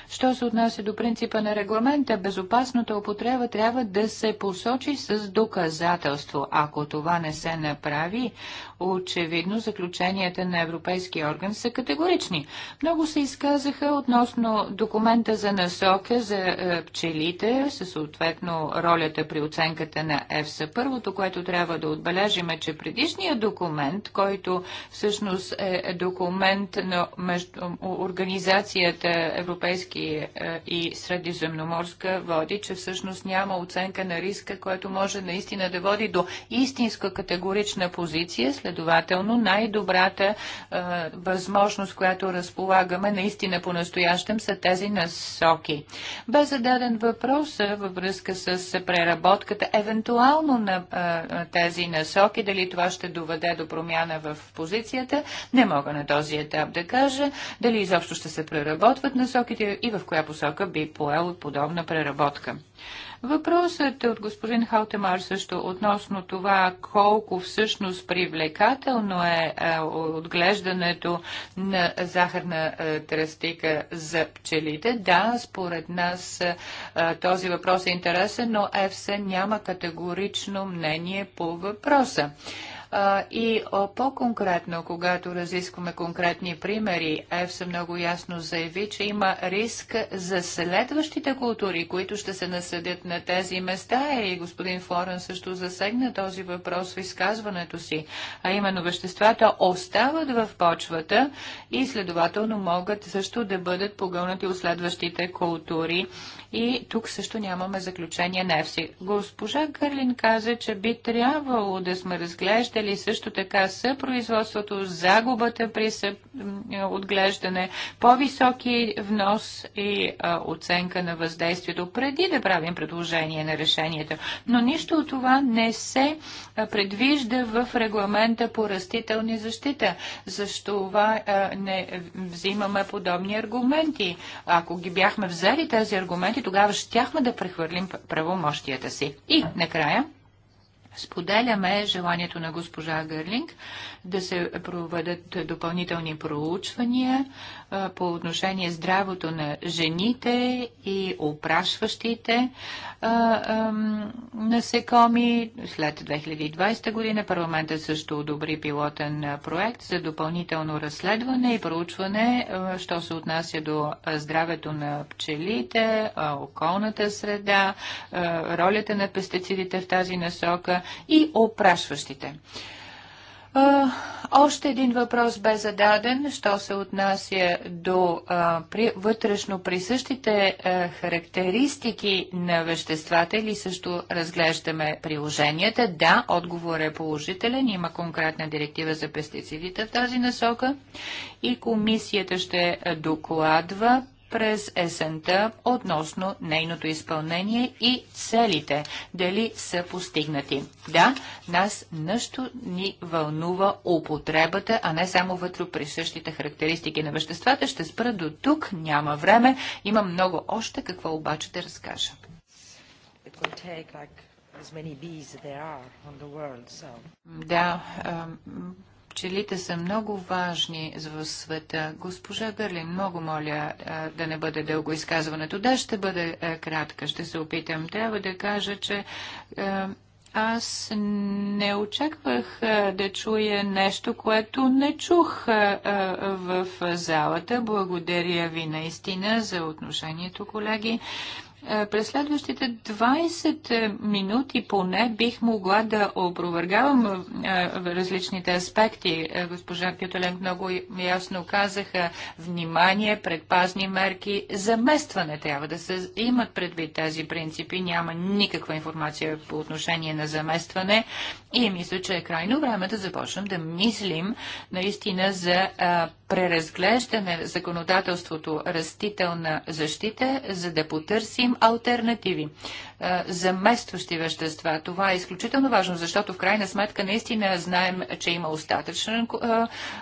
Speaker 2: Що се отнася до принципа на регламента, безопасната употреба трябва да се посочи с доказателство. Ако това не се направи, очевидно заключенията на Европейския орган са категорични. Много се изказаха относно документа за насока за е, пчелите, със съответно ролята при оценката на ЕФСА. Първото, което трябва да отбележим е, че предишният документ, който всъщност е документ на между организацията Европейски е, и Средиземноморска води, че всъщност няма оценка на риска, което може наистина да води до истинска категорична позиция, следователно най-добрата е, възможност, която разполагаме наистина по-настоящем са тези насоки. Бе зададен въпрос е, във връзка с преработката, евентуално на тези насоки, дали това ще доведе до промяна в позицията, не мога на този етап да кажа каже, дали изобщо ще се преработват насоките и в коя посока би поел подобна преработка. Въпросът от господин Халтемар също относно това колко всъщност привлекателно е, е отглеждането на захарна е, тръстика за пчелите. Да, според нас е, този въпрос е интересен, но ЕФСА няма категорично мнение по въпроса. И по-конкретно, когато разискваме конкретни примери, ЕФСА много ясно заяви, че има риск за следващите култури, които ще се насъдят на тези места. И господин Флорен също засегна този въпрос в изказването си. А именно веществата остават в почвата и следователно могат също да бъдат погълнати от следващите култури. И тук също нямаме заключение на ЕФСИ. Госпожа Гърлин каза, че би трябвало да сме разглеждали родители, също така са производството, загубата при отглеждане, по-високи внос и а, оценка на въздействието, преди да правим предложение на решението. Но нищо от това не се предвижда в регламента по растителни защита. Защо това а, не взимаме подобни аргументи? Ако ги бяхме взели тези аргументи, тогава щяхме да прехвърлим правомощията си. И накрая Споделяме желанието на госпожа Гърлинг да се проведат допълнителни проучвания по отношение здравото на жените и опрашващите насекоми. След 2020 година парламентът също одобри пилотен проект за допълнително разследване и проучване, що се отнася до здравето на пчелите, околната среда, ролята на пестицидите в тази насока и опрашващите. А, още един въпрос бе зададен, що се отнася до а, при, вътрешно присъщите а, характеристики на веществата или също разглеждаме приложенията. Да, отговор е положителен, има конкретна директива за пестицидите в тази насока и комисията ще докладва през есента относно нейното изпълнение и целите, дали са постигнати. Да, нас нещо ни вълнува употребата, а не само вътре при същите характеристики на веществата. Ще спра до тук, няма време. Има много още какво обаче да разкажа. Да, пчелите са много важни в света. Госпожа Гърлин, много моля да не бъде дълго изказването. Да, ще бъде кратка, ще се опитам. Трябва да кажа, че аз не очаквах да чуя нещо, което не чух в залата. Благодаря ви наистина за отношението, колеги. Е, през следващите 20 е, минути поне бих могла да опровергавам е, различните аспекти. Госпожа Кютелен много ясно казаха внимание, предпазни мерки, заместване трябва да се имат предвид тези принципи. Няма никаква информация по отношение на заместване. И мисля, че е крайно време да започнем да мислим наистина за а, преразглеждане на законодателството растителна защита, за да потърсим альтернативи. Е, заместващи вещества. Това е изключително важно, защото в крайна сметка наистина знаем, че има остатъчен е,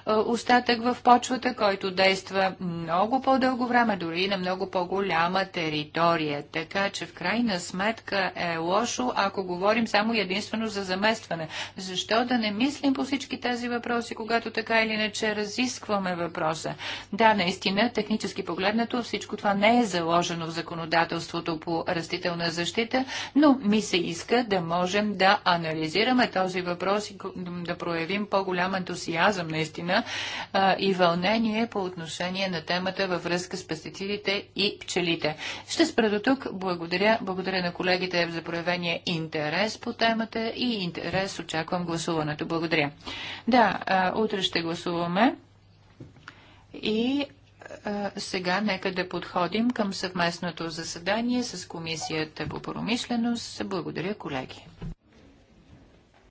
Speaker 2: е, остатък в почвата, който действа много по-дълго време, дори на много по-голяма територия. Така че в крайна сметка е лошо, ако говорим само единствено за заместване. Защо да не мислим по всички тези въпроси, когато така или иначе разискваме въпроса? Да, наистина, технически погледнато, всичко това не е заложено в законодателството по растителна защита, комисията, но ми се иска да можем да анализираме този въпрос и да проявим по-голям ентусиазъм наистина и вълнение по отношение на темата във връзка с пестицидите и пчелите. Ще спра до тук. Благодаря. Благодаря на колегите за проявение интерес по темата и интерес очаквам гласуването. Благодаря. Да, утре ще гласуваме и сега нека да подходим към съвместното заседание с Комисията по промишленост. Благодаря, колеги.